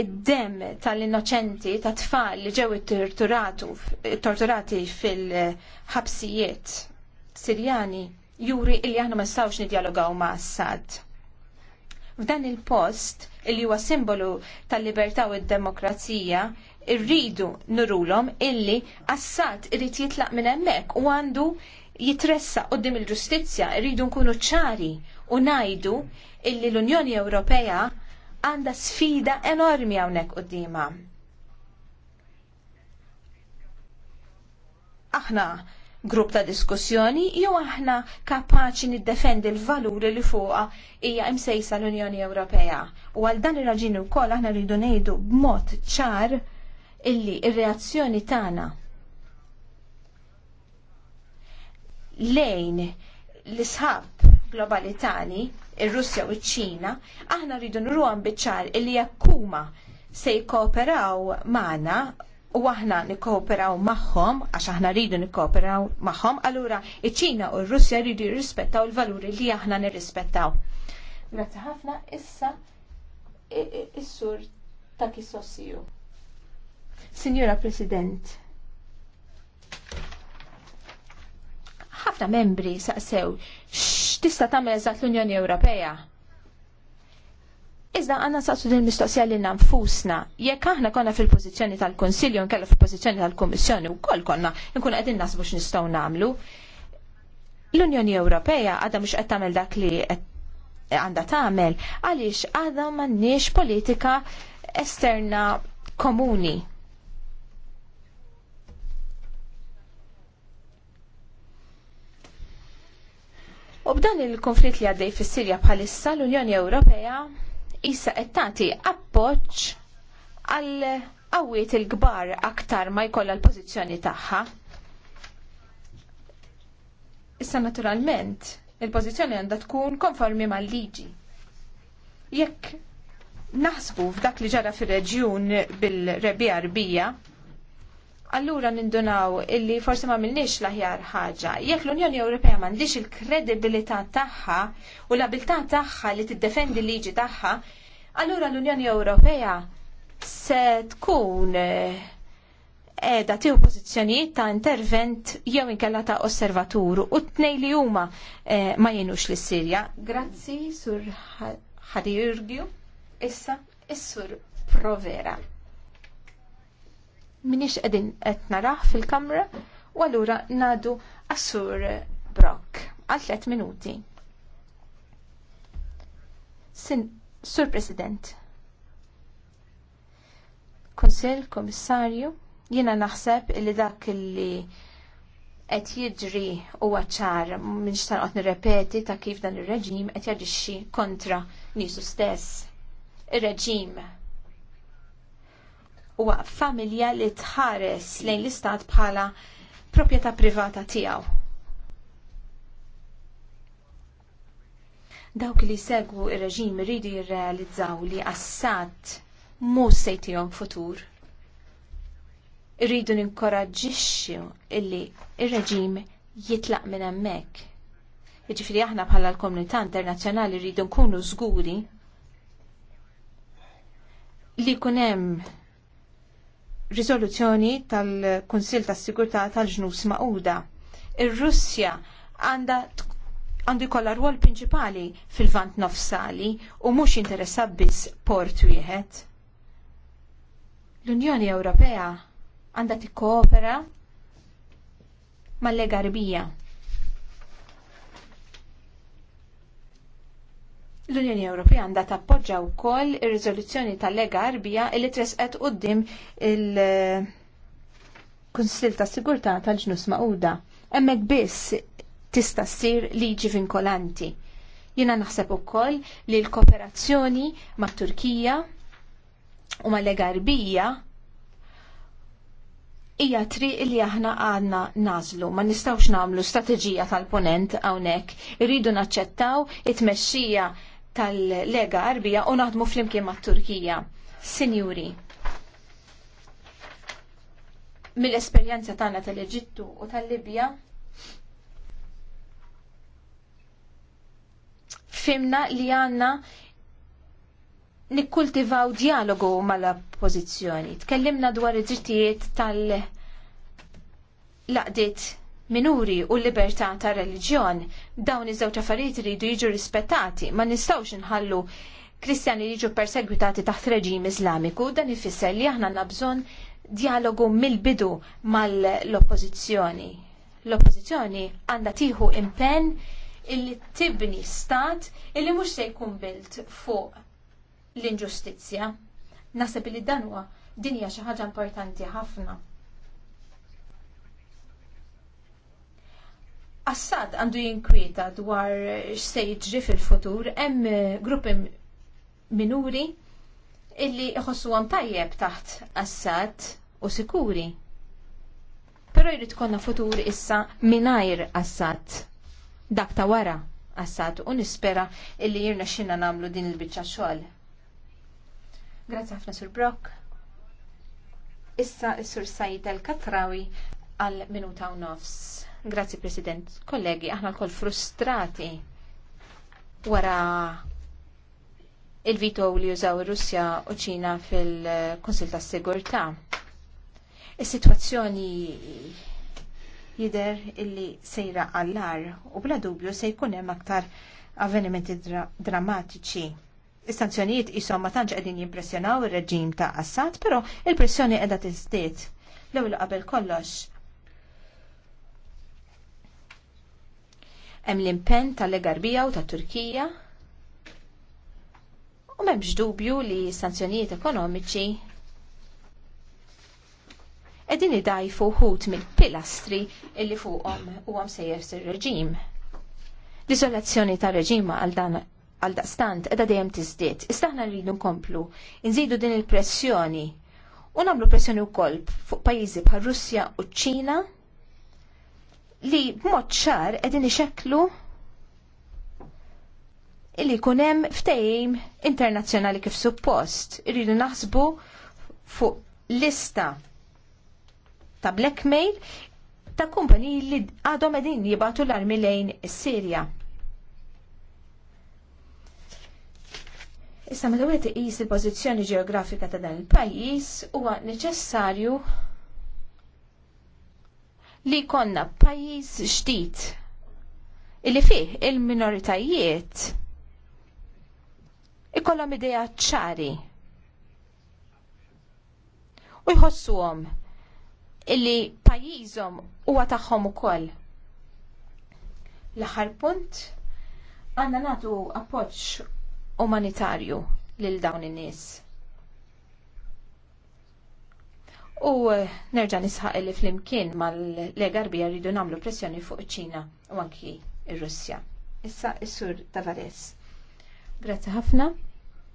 id-dem tal-innoċenti ta' tfal li ġew torturati fil-ħabsijiet Sirjani juri illi aħna ma jistawx nidjalogaw ma' Assad f'dan il-post illi huwa simbolu tal-libertà u d-demokrazija, irridu nurulom illi Assad irid jitlaq minn hemmhekk u għandu jitressa qoddim il-ġustizzja, irridu nkunu ċari u ngħidu illi l-Unjoni Ewropea għandha sfida enormi hawnhekk qudiemha. Aħna grupp ta' diskussjoni jew aħna kapaċi niddefendi l-valuri li fuqha hija msejsa l-Unjoni Ewropea. U għal dan ir-raġuni wkoll aħna rridu ngħidu b'mod ċar illi il reazzjoni tagħna lejn l-isħab globali tani, ir-Russja u ċ-Ċina, aħna rridu nru biċar illi jekk huma se jkooperaw maħna u aħna nikkooperaw magħhom għax aħna rridu nikkooperaw magħhom, allura iċ-Ċina u r-Russja rridu jirrispettaw il-valuri li aħna nirrispettaw. Grazzi ħafna issa is-sur ta' kisossiju. Signora President, ħafna membri saqsew x'tista' tagħmel eżatt l-Unjoni Ewropea. Iżda għanna saqsu din mistoqsija li nfusna, jekk aħna konna fil-pożizzjoni tal-Konsilju nkella fil-pożizzjoni tal-Kummissjoni wkoll konna nkun qegħdin nasbu x'nistgħu nagħmlu. L-Unjoni Ewropea għadha mhux qed tagħmel dak li għandha tagħmel għaliex għadha m'għandniex politika esterna komuni U b'dan il-konflitt li għaddej fis-Sirja bħalissa l-Unjoni Ewropea issa qed tagħti appoġġ għal qawwiet il-kbar aktar ma jkollha l-pożizzjoni tagħha. Issa naturalment il-pożizzjoni għandha tkun konformi mal-liġi. Jekk naħsbu f'dak li ġara fir-reġjun bil-rebija rbija, allura nindunaw illi forsi ma minnix laħjar ħaġa. Jekk l-Unjoni Ewropea m'għandix il-kredibilità tagħha u l-abilità tagħha li tiddefendi liġi tagħha, allura l-Unjoni Ewropea se tkun edha eh, tiegħu pożizzjonijiet ta' intervent jew inkella ta' osservatur u tnej li huma eh, ma jenux lis Sirja. Grazzi sur Ħadirgju, issa is-sur Provera minix qegħdin qed naraħ fil-kamra u allura nadu assur Brock għal tliet minuti. Sin, sur President, Konsil, Komissarju, jiena naħseb li dak li qed jiġri huwa ċar minn xtanqot nirrepeti ta' kif dan ir-reġim qed jaġixxi kontra nisu stess. Ir-reġim huwa familja li tħares lejn l-istat bħala proprjetà privata tiegħu. Dawk li segwu ir-reġim iridu jirrealizzaw li Assad mhux se jtihom futur. Irridu ninkoraġġixxu illi r reġim jitlaq minn hemmhekk. Jiġifieri aħna bħala l-komunità internazzjonali rridu nkunu żguri li jkun hemm riżoluzzjoni tal-Kunsill tas-Sigurtà tal-Ġnus Maquda. Ir-Russja għandha għandu jkollha rwol prinċipali fil-vant nofsali u mhux interessat biss port wieħed. L-Unjoni Ewropea għandha tikkoopera mal-Lega Rbija L-Unjoni Ewropea għandha tappoġġa wkoll ir-riżoluzzjoni tal-Lega Arbija li tresqet quddiem il-Kunsill ta' Sigurtà tal-Ġnus Mauda. Hemmhekk biss tista' ssir liġi vinkolanti. Jiena naħseb ukoll li l-kooperazzjoni mat Turkija u mal Lega Arbija hija triq li aħna għadna nażlu. Ma nistgħux nagħmlu strateġija tal-ponent hawnhekk. Irridu naċċettaw it-tmexxija tal-Lega Arbija u naħdmu flimkien mat Turkija. Sinjuri, mill-esperjenza tagħna tal-Eġittu u tal-Libja, fimna li għanna nikkultivaw dialogu mal-oppożizzjoni. Tkellimna dwar id-drittijiet tal- laqdiet minuri u l-libertà ta' reliġjon. Dawn iż-żewġ affarijiet iridu jiġu rispettati, ma nistgħux inħallu Kristjani li jiġu persegwitati taħt reġim Islamiku, dan ifisser li aħna għandna bżonn dialogu mill-bidu mal-oppożizzjoni. L-oppożizzjoni għandha tieħu impenn illi tibni stat illi mhux se jkun bilt fuq l-inġustizzja. Naseb li dan huwa dinja xi ħaġa importanti ħafna. Assad għandu jinkwieta dwar x'se jiġri fil-futur, hemm eh, gruppi minuri illi għan tajjeb taħt Assad u sikuri. Però jrid konna futur issa mingħajr Assad. Dak ta' wara Assad u nispera illi jirna xinna namlu din il-biċċa xogħol. Grazzi ħafna Sur Brock. Issa s-Sur Sajid El-Katrawi għal minuta u nofs. Grazzi President. Kollegi, aħna l-koll frustrati wara il-vito li jużaw Russja u ċina fil-Konsil ta' Sigurtà. Is-sitwazzjoni jider illi sejra għallar u bla dubju se jkun hemm aktar avvenimenti dra drammatiċi. Is-sanzjonijiet isom ma tantx qegħdin jimpressjonaw ir-reġim ta' Assad, però il-pressjoni qiegħda tiżdied. L-ewwel qabel kollox Hemm l-impenn tal-Legarbija u tat-Turkija. U m'hemmx dubju li sanzjonijiet ekonomiċi edin idajfu ħut mill-pilastri illi fuqhom huwa għam ir reġim L-izolazzjoni tar reġima għal dan għal daqstant edha dejjem tiżdied. aħna rridu nkomplu, nżidu din il-pressjoni u nagħmlu pressjoni wkoll fuq pajjiżi bħar Russja u ċ Ċina li mod ċar qegħdin ixekklu li jkun hemm ftehim internazzjonali kif suppost. Irridu naħsbu fuq lista ta' blackmail ta' kumpaniji li għadhom qegħdin jibatu l-armi lejn is-Sirja. Issa meta wieħed iqis il-pożizzjoni ġeografika ta' dan il-pajjiż huwa neċessarju li konna pajis ġdid illi fih il-minoritajiet ikollhom idea ċari u jħossuhom illi pajjiżhom huwa tagħhom ukoll. L-aħħar punt għandna nagħtu appoġġ umanitarju lil dawn in-nies. U eh, nerġa' nisħaq li flimkien mal legarbi Arbija rridu nagħmlu pressjoni fuq ċina u anki il russja Issa is-Sur Tavares. Grazzi ħafna,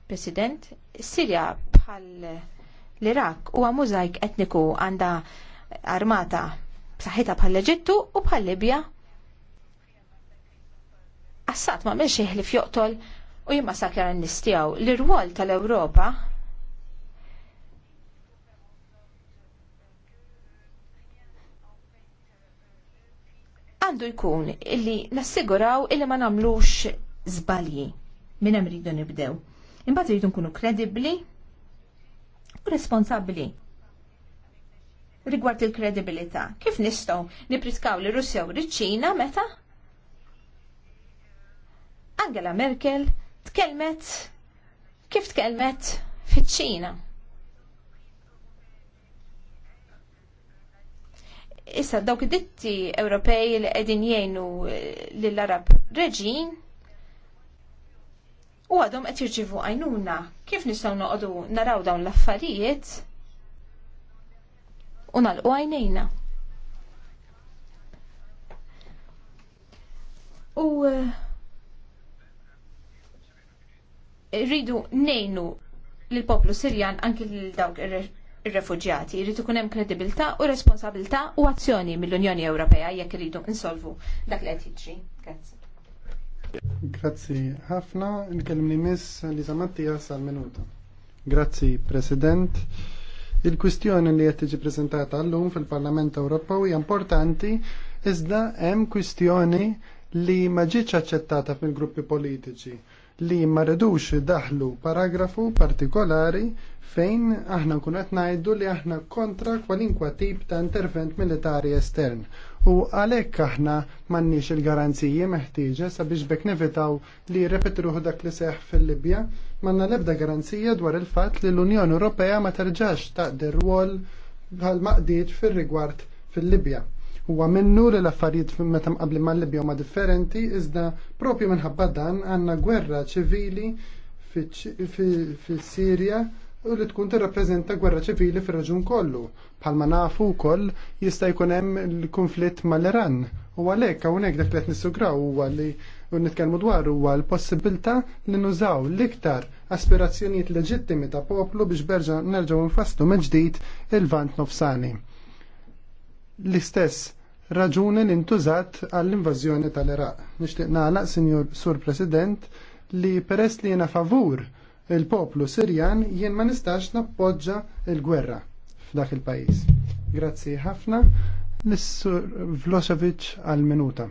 President. Sirja bħal l-Irak huwa għamużajk etniku għandha armata b'saħħitha bħal l-Eġittu u bħal Libja. Assat ma' menx li fjoqtol u jimma sakjar nistijaw L-irwol tal-Ewropa għandu jkun illi nassiguraw illi ma namlux zbalji minn hemm rridu nibdew. Imbagħad rridu nkunu kredibbli u responsabbli rigward il-kredibilità. Kif nistgħu nipriskaw li Russja u riċ-Ċina meta? Angela Merkel tkellmet kif tkellmet fiċ-Ċina. Issa dawk id-ditti Ewropej li qegħdin jgħinu eh, lill-Arab reġin u għadhom qed jirċivu għajnuna. Kif nistgħu noqogħdu naraw dawn l-affarijiet u nagħlqu għajnejna? U eh, rridu nejnu lill poplu Sirjan anki l-dawk ir-refuġjati. Jrid ikun hemm kredibilità u responsabilità u azzjoni mill-Unjoni Ewropea jekk iridu insolvu dak li qed jiġri. Grazzi. Grazzi ħafna, nkellimni miss Liza Mattias għal minuta. Grazzi President. Il-kwistjoni li qed tiġi preżentata llum fil-Parlament Ewropew hija importanti iżda hemm kwistjoni li ma ġietx aċċettata mill-gruppi politiċi li ma redux daħlu paragrafu partikolari fejn aħna nkun qed ngħidu li aħna kontra kwalinkwa tip ta' intervent militari estern. U għalhekk aħna m'għandniex il-garanziji meħtieġa sabiex bek nevitaw li repetruħu dak li seħ fil-Libja, m'għandna l-ebda garanzija dwar il-fatt li l-Unjoni Ewropea ma terġax taqder rwol bħal maqdiet fir-rigward fil-Libja. Huwa minnu li l-affarijiet meta mqabli mal-Libja huma differenti, iżda propju minħabba dan għandna gwerra ċivili fis-Sirja u li tkun tirrappreżenta gwerra ċivili fir-raġun kollu. Bħalma nafu wkoll jista' jkun hemm il-konflitt mal-Iran. U għalhekk hawnhekk dak li qed nissugraw huwa li u nitkellmu dwar huwa l-possibilità li nużaw l-iktar aspirazzjonijiet leġittimi ta' poplu biex berġa' nerġgħu nfastu mill-ġdid il-vant nofsani. L-istess raġuni li ntużat għall-invażjoni tal-Iraq. Nixtieq nagħlaq, Sinjur Sur President, li peress li jiena favur il-poplu Sirjan jien ma nistax nappoġġa il-gwerra f'dak il-pajjiż. Grazzi ħafna l-Sur Vlosevic għal-minuta.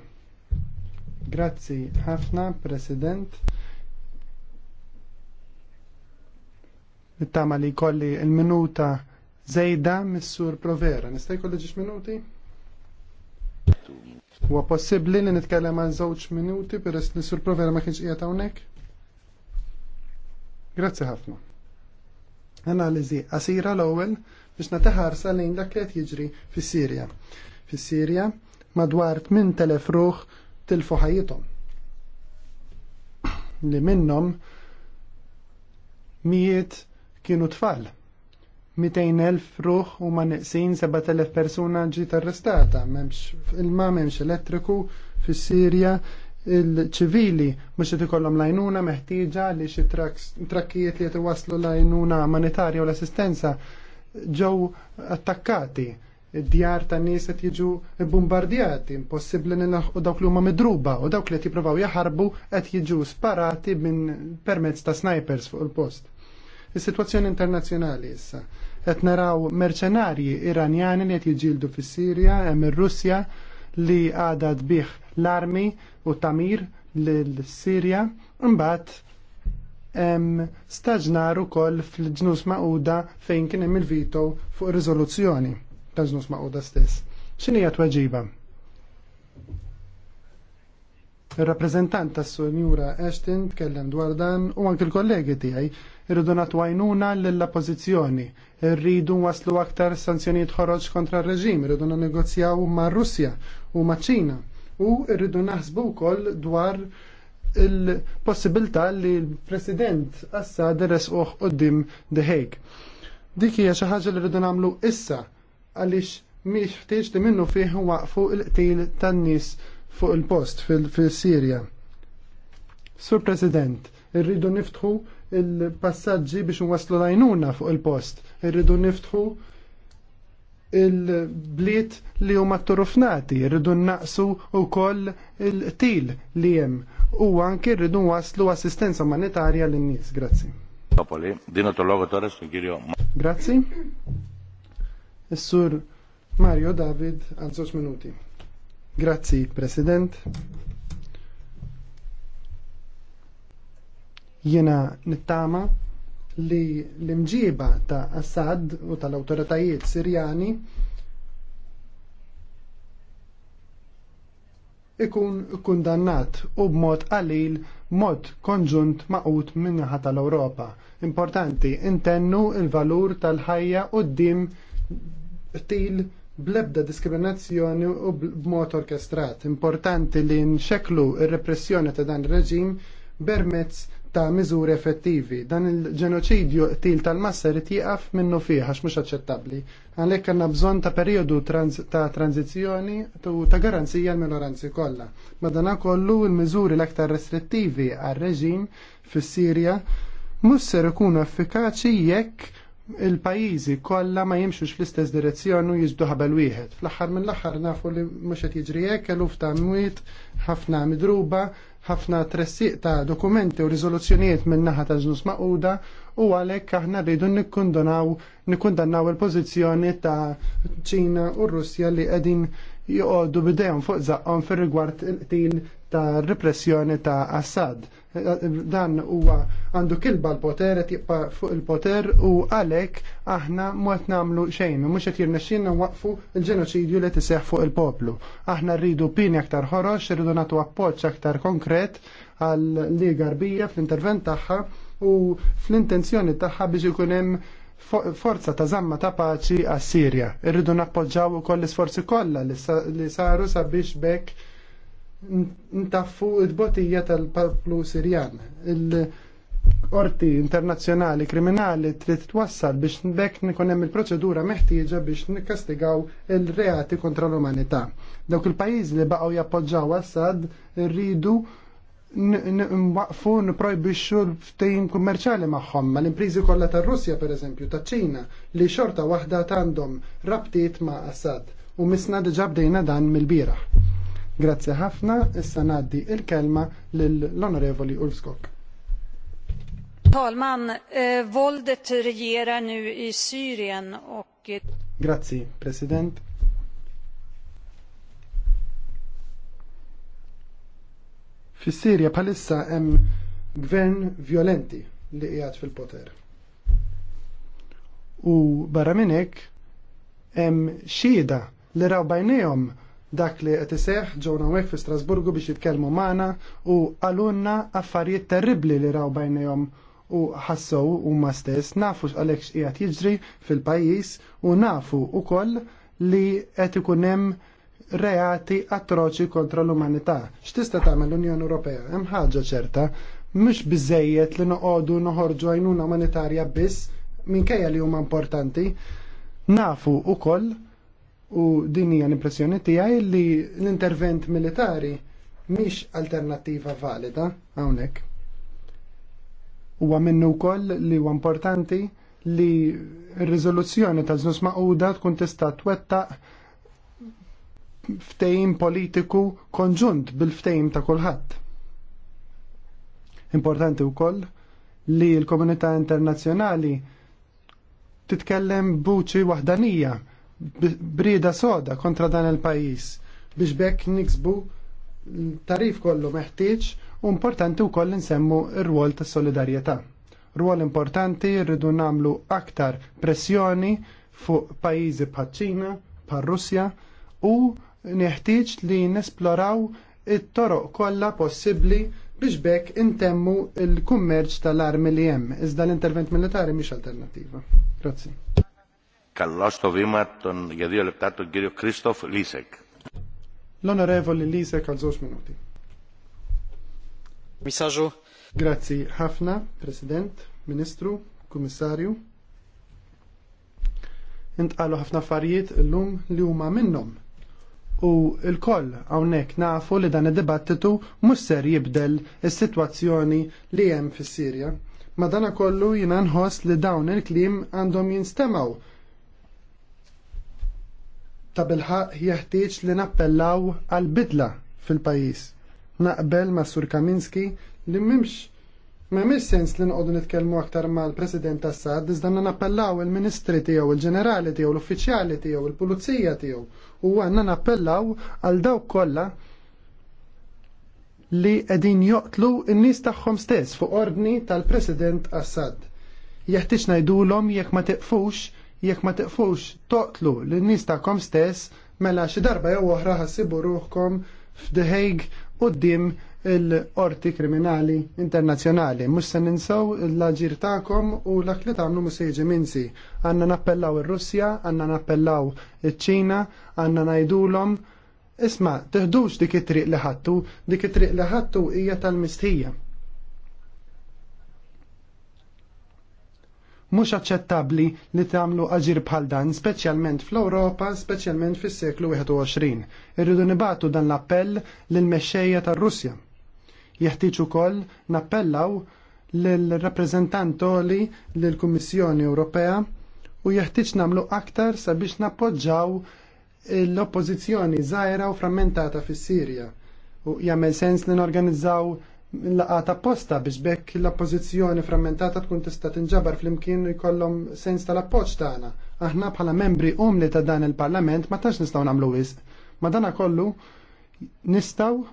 Grazzi ħafna, President. Nittama li kolli il-minuta zejda mis-sur Provera. Nistaj kolli ġiġ minuti? Huwa possibbli li nitkellem għal żewġ minuti peress li sur ma kienx qiegħed hawnhekk? Grazzi ħafna. Analiżi qasira l-ewwel biex nataħarsa lejn dak li qed jiġri fis-Sirja. Fis-Sirja madwar 8000 ruħ tilfu ħajjithom. Li minnhom mijiet kienu tfal. 200.000 ruħ u ma neqsin 7.000 persuna ġiet arrestata, memx il-ma memx elettriku fis sirja il-ċivili mux qed ikollhom lajnuna meħtieġa li xi trakkijiet li qed iwasslu lajnuna umanitarja u l-assistenza ġew attakkati. Id-djar tan nies qed jiġu bombardjati, impossibbli u naħqu dawk li huma midruba u dawk li qed jippruvaw jaħarbu qed jiġu sparati minn permezz ta' snipers fuq il-post. Is-sitwazzjoni internazzjonali issa. Qed naraw merċenarji Iranjani li qed jiġġieldu fis-Sirja hemm ir-Russja li għadha tbih l-armi u tamir lill-Sirja imbagħad hemm staġnar ukoll fil-ġnus maquda fejn kien hemm il-vito fuq ir-riżoluzzjoni ta' ġnus maquda stess. X'inhi hija tweġiba? Il-rappresentant tas-Sunjura Ashton tkellem dwar dan u anke l-kollegi tiegħi irridu natwajnuna l-oppozizjoni, irridu waslu aktar sanzjonijiet ħoroġ kontra r-reġim, irridu negozjaw ma' Russja u ma' Ċina u irridu naħsbu wkoll dwar il possibilta li l-President Assad res uħ qoddim The Hague. Dik hija xi ħaġa li rridu nagħmlu issa għaliex mhix ħtieġ li minnu fih waqfu l-qtil tan-nies fuq il-post fil-Sirja. Sur President, irridu niftħu il-passaġġi biex nwaslu lajnuna fuq il-post. Irridu niftħu il-bliet li huma torufnati, irridu naqsu u koll il-til li jem. U anki rridu waslu assistenza umanitarja l-nies. Grazzi. dino tologo torres, kirjo. Grazzi. Is-sur e Mario David, għal minuti. Grazzi, President. Jiena nittama li l-imġiba ta' Assad u tal-autoritajiet Sirjani ikun kundannat u b'mod qalil mod konġunt maqut minnaħa tal-Ewropa. Importanti, intennu il-valur tal-ħajja u d-dim til blebda diskriminazzjoni u b'mod orkestrat. Importanti li nxeklu il-repressjoni ta' dan reġim bermezz ta' miżuri effettivi. Dan il-ġenoċidju til tal masser rrit jieqaf minnu fih għax mhux aċċettabbli. Għalhekk għandna bżonn ta' perjodu ta' tranzizzjoni ta' garanzija l-minoranzi kollha. Madankollu l-miżuri l-aktar restrittivi għar-reġim fis-Sirja mhux ser ikunu effikaċi jekk il-pajizi kollha ma jimxux fl-istess direzzjoni u jiġdu ħabel wieħed. Fl-aħħar mill-aħħar nafu li mhux qed jiġri hekk eluf ta' mwiet, ħafna midruba, ħafna tressiq ta' dokumenti u riżoluzzjonijiet minnaħa naħa ta' ġnus maquda u għalhekk aħna rridu nikkundonaw nikkundannaw il-pożizzjoni ta' ċina u Russja li qegħdin joqogħdu bidejom fuq zaqqom fir-rigward il-qtil ta' repressjoni ta' Assad dan huwa għandu kilba l-poter, qed jibqa' fuq il-poter u għalhekk aħna mwet nagħmlu xejn, mhux qed jirnexxinna waqfu l-ġenoċidju li tiseħ fuq il-poplu. Aħna rridu pini aktar ħorox, rridu nagħtu appoġġ aktar konkret għal Liga Arbija fl-intervent tagħha u fl-intenzjoni tagħha biex ikun hemm forza ta' zamma ta' paċi għas-Sirja. Irridu nappoġġaw ukoll l-isforzi kollha li saru sabiex bekk ntaffu id-botija tal-Pablu Sirjan. Il-Qorti Internazzjonali Kriminali trid twassal biex bekk nkun hemm il-proċedura meħtieġa biex nikkastigaw il-reati kontra l-umanità. Dawk il-pajjiżi li baqgħu jappoġġaw Assad rridu nwaqfu nprojbixxu l-ftehim kummerċali magħhom ma l-imprizi kollha tar-Russja pereżempju taċ-Ċina li xorta waħda għandhom rabtiet ma' Assad u misna diġà bdejna dan mill-bieraħ. Grazzi ħafna, issa naddi il-kelma lill-Onorevoli Ulfskog. Talman, eh, våldet regerar nu i Syrien och... Grazzi, President. Fis-Sirja bħalissa hemm gvern violenti li qiegħed fil-poter. U barra minnek em hemm li raw bajnejhom dak li qed iseħħ ġew hawnhekk fi Strasburgu biex jitkellmu magħna u għalunna affarijiet terribbli li raw bejnejhom u ħassew huma stess nafu għalhekk qiegħed jiġri fil-pajjiż u nafu wkoll li qed ikun hemm reati atroċi kontra l-umanità. X'tista' tagħmel l-Unjoni Ewropea? Hemm ħaġa ċerta, mhux biżejjed li noqogħdu noħorġu għajnuna umanitarja biss minkejja li huma importanti. Nafu ukoll U din hija l-impressjoni tiegħi li l-intervent militari mhix alternattiva valida hawnhekk. Huwa minnu wkoll li huwa importanti li r-riżoluzzjoni ta' żnus maquda tkun tista' twettaq ftejim politiku konġunt bil-ftejim ta' kulħadd. Importanti wkoll li l-komunità internazzjonali titkellem buċi waħdanija brida soda kontra dan il-pajis biex bekk niksbu tarif kollu meħtieġ u importanti wkoll nsemmu r-rwol ta' solidarjetà. Rwol importanti rridu namlu aktar pressjoni fuq pajjiżi bħal ċina bħal russja u neħtieġ li nesploraw it-toroq kollha possibbli biex bekk intemmu l kummerċ tal-armi li hemm iżda l-intervent militari mhix alternattiva. Grazzi. Καλώ στο ton τον, για δύο λεπτά τον κύριο Κρίστοφ Λίσεκ. Lisek għal żewġ minuti. Missaġu. Grazzi ħafna, President, Ministru, Kummissarju. Intqalu ħafna affarijiet illum li huma minnhom. U l-koll hawnhekk nafu li dan id-dibattitu mhux ser jibdel is-sitwazzjoni li hemm fis-Sirja. Madana kollu jina nħoss li dawn il-klim għandhom jinstemaw ta' bilħaq jeħtieġ li nappellaw għal bidla fil-pajjiż. Naqbel ma' Sur Kaminski li ma' m'hemmx sens li nqogħdu nitkellmu aktar mal-President Assad iżda nappellaw il-Ministri tiegħu, il-Ġenerali tiegħu, l-Uffiċjali tiegħu, il-Pulizija tiegħu u għanna nappellaw għal dawk kollha li qegħdin joqtlu n-nies tagħhom stess fuq ordni tal-President Assad. Jeħtieġ ngħidulhom jekk ma teqfux jekk ma tiqfux toqtlu l-nies tagħkom stess, mela xi darba jew oħra ħassibu ruħkom f'Deheg qudiem il-qorti kriminali internazzjonali. Mhux se ninsaw l-aġir tagħkom u l-ak li tagħmlu mhux se jiġi minsi. Għandna nappellaw ir-Russja, għandna nappellaw iċ-Ċina, għandna ngħidulhom Isma, teħdux dik it-triq li ħattu, dik it-triq li ħattu hija tal-mistħija. Mhux aċċettabbli li tagħmlu aġir bħal dan, speċjalment fl-Ewropa, speċjalment fis-seklu 21. Irridu nibatu dan l-appell lil mexxejja tar-Russja. Jeħtieġ ukoll nappellaw lill-rappreżentantoli lill-Kummissjoni Ewropea u jeħtieġ nagħmlu aktar sabiex nappoġġaw l-oppożizzjoni żgħira u frammentata fis-Sirja. U jagħmel sens li norganizzaw laqata apposta biex bekk l-oppożizzjoni frammentata tkun tista' tinġabar flimkien jkollhom sens tal-appoġġ tagħna. Aħna bħala membri umni ta' dan il-Parlament ma tax nistgħu nagħmlu wisq. Ma dana kollu nistgħu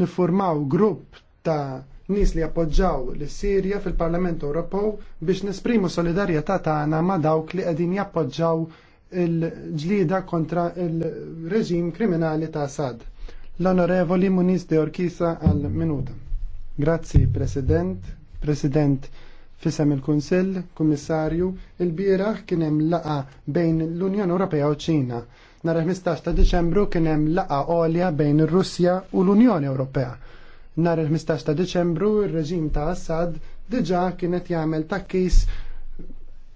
niffurmaw grupp ta' nies li appoġġaw l sirja fil-Parlament Ewropew biex nesprimu solidarjetà tagħna ma' dawk li qegħdin jappoġġaw il-ġlida kontra il-reġim kriminali ta' Assad l-Onorevoli Muniz de Orkisa għal minuta. Grazzi, President, President fisem il-Kunsill, Kummissarju, il-bieraħ kien hemm laqa bejn l-Unjoni Ewropea u Ċina. Nar 15 ta' Diċembru kien hemm laqa għolja bejn ir-Russja u l-Unjoni Ewropea. Nar 15 ta' Diċembru il reġim ta' Assad diġà kienet jagħmel takkis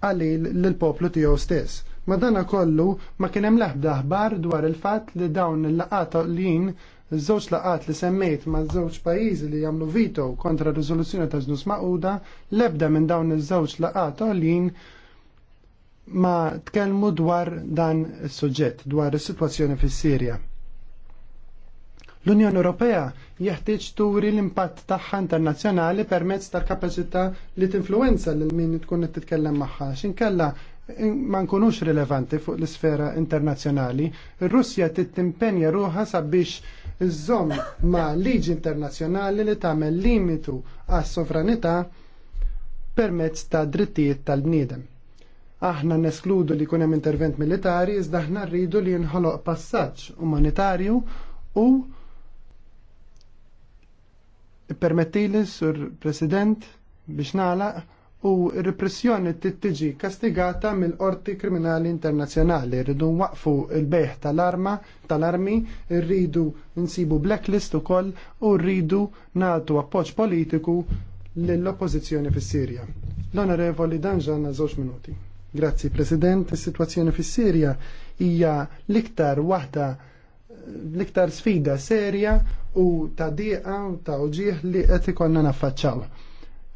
għalil l-poplu tiegħu stess. Madana kollu ma kien hemm l-ebda aħbar dwar il-fatt li dawn il-laqata jien Iż-żewġ laqat li semmejt ma' żewġ pajjiżi li jagħmlu vito kontra riżoluzzjoni ta' ġnus maquda, lebda minn dawn iż-żewġ laqat għolin ma tkellmu dwar dan is-suġġett, dwar is-sitwazzjoni fis-Sirja. L-Unjoni Ewropea jeħtieġ turi l-impatt tagħha internazzjonali permezz tal-kapaċità li tinfluwenza lil min tkun qed titkellem magħha x'inkella ma nkunux rilevanti fuq l-isfera internazzjonali, ir-Russja tittimpenja ruħha sabiex iżżomm ma liġi internazzjonali li tagħmel limitu għas sovranità permezz ta' drittijiet tal-bniedem. Aħna neskludu li kunem intervent militari iżda aħna rridu li nħoloq passaġġ umanitarju u permettili sur President biex nagħlaq u repressjoni tiġi kastigata mill-qorti kriminali internazzjonali. Rridu waqfu il-bejħ tal-arma, tal-armi, rridu nsibu blacklist ukoll u rridu natu appoġġ politiku lill-oppożizzjoni fis-Sirja. L-Onorevoli Danġan żewġ minuti. Grazzi President, is-sitwazzjoni fis-Sirja hija l-iktar waħda l-iktar sfida serja u ta' diqa u ta' uġieħ li qed ikollna naffaċċaw.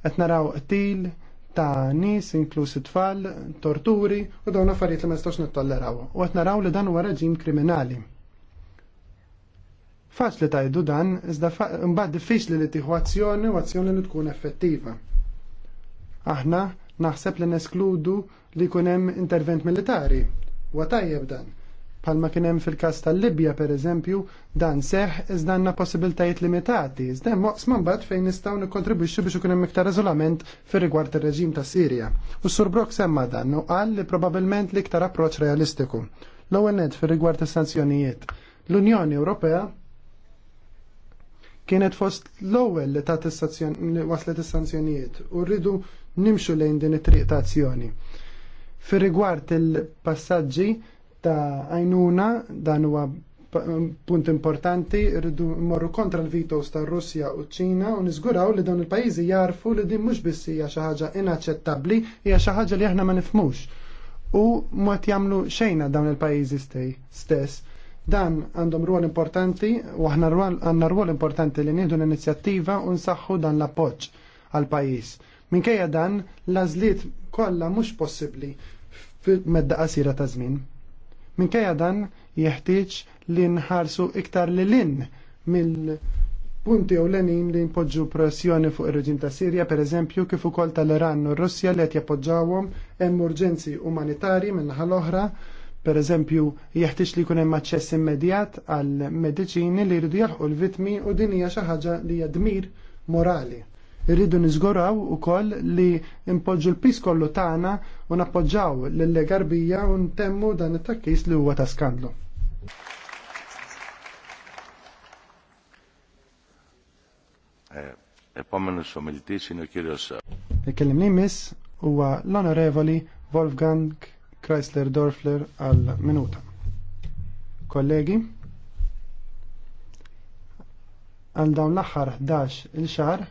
Qed naraw qtil, ta' nis, inkluż tfal, torturi u dawn affarijiet li ma nistax nittolleraw. U qed naraw li dan huwa reġim kriminali. Faċli tajdu dan, iżda mbagħad diffiċli li tieħu azzjoni u azzjoni li tkun effettiva. Aħna naħseb li neskludu li jkun hemm intervent militari. Wa tajjeb dan. Palma kien hemm fil-każ tal-Libja pereżempju, dan seħ iżda għandna possibiltajiet limitati, iżda hemm man bat fejn nistgħu nikkontribwixxu biex ikun hemm iktar iżolament fir-rigward ir-reġim ta' Sirja. U Surbrok semma dan u qal li probabbilment l-iktar approċċ realistiku. L-ewwel nett fir-rigward is-sanzjonijiet. L-Unjoni Ewropea kienet fost l-ewwel li tat waslet is-sanzjonijiet u rridu nimxu lejn din it-triq ta' azzjoni. Fir rigward il-passaġġi ta' għajnuna dan huwa punt importanti, rridu morru kontra l-vitos ta' Russja u ċina u niżguraw li dawn il-pajjiżi jarfu li din mhux biss hija xi ħaġa inaċċettabbli, hija xi ħaġa li aħna ma nifhmux. U mod jagħmlu xejna dawn il-pajjiżi stess. Dan għandhom rwol importanti u aħna għandna rwol importanti li nieħdu l-inizjattiva u nsaħħu dan l-appoġġ għal pajjiż. Minkejja dan, l-għażliet kollha mhux possibbli medda qasira ta' żmien. Minkejja dan jeħtieġ li nħarsu iktar li lin mill-punti ewlenin li npoġġu pressjoni fuq ir-reġim ta' Sirja, pereżempju kif ukoll tal-Iran u r-Russja li qed jappoġġawhom hemm urġenzi umanitarji minnaħa l-oħra per eżempju, jeħtieġ li jkun hemm aċċess immedjat għal mediċini li jridu jaħqu l-vitmi u din hija xi ħaġa li hija dmir morali. Irridu niżguraw ukoll li impoġġu l-pis kollu tagħna u nappoġġaw lill garbija u ntemmu dan it-takkis li huwa ta' skandlu. Epomenu ομιλητής είναι ο κύριος... Εκκελεμνή μης huwa l-onorevoli Wolfgang Chrysler Dorfler għal minuta. Kollegi, għal dawn l-axar 11 il-xar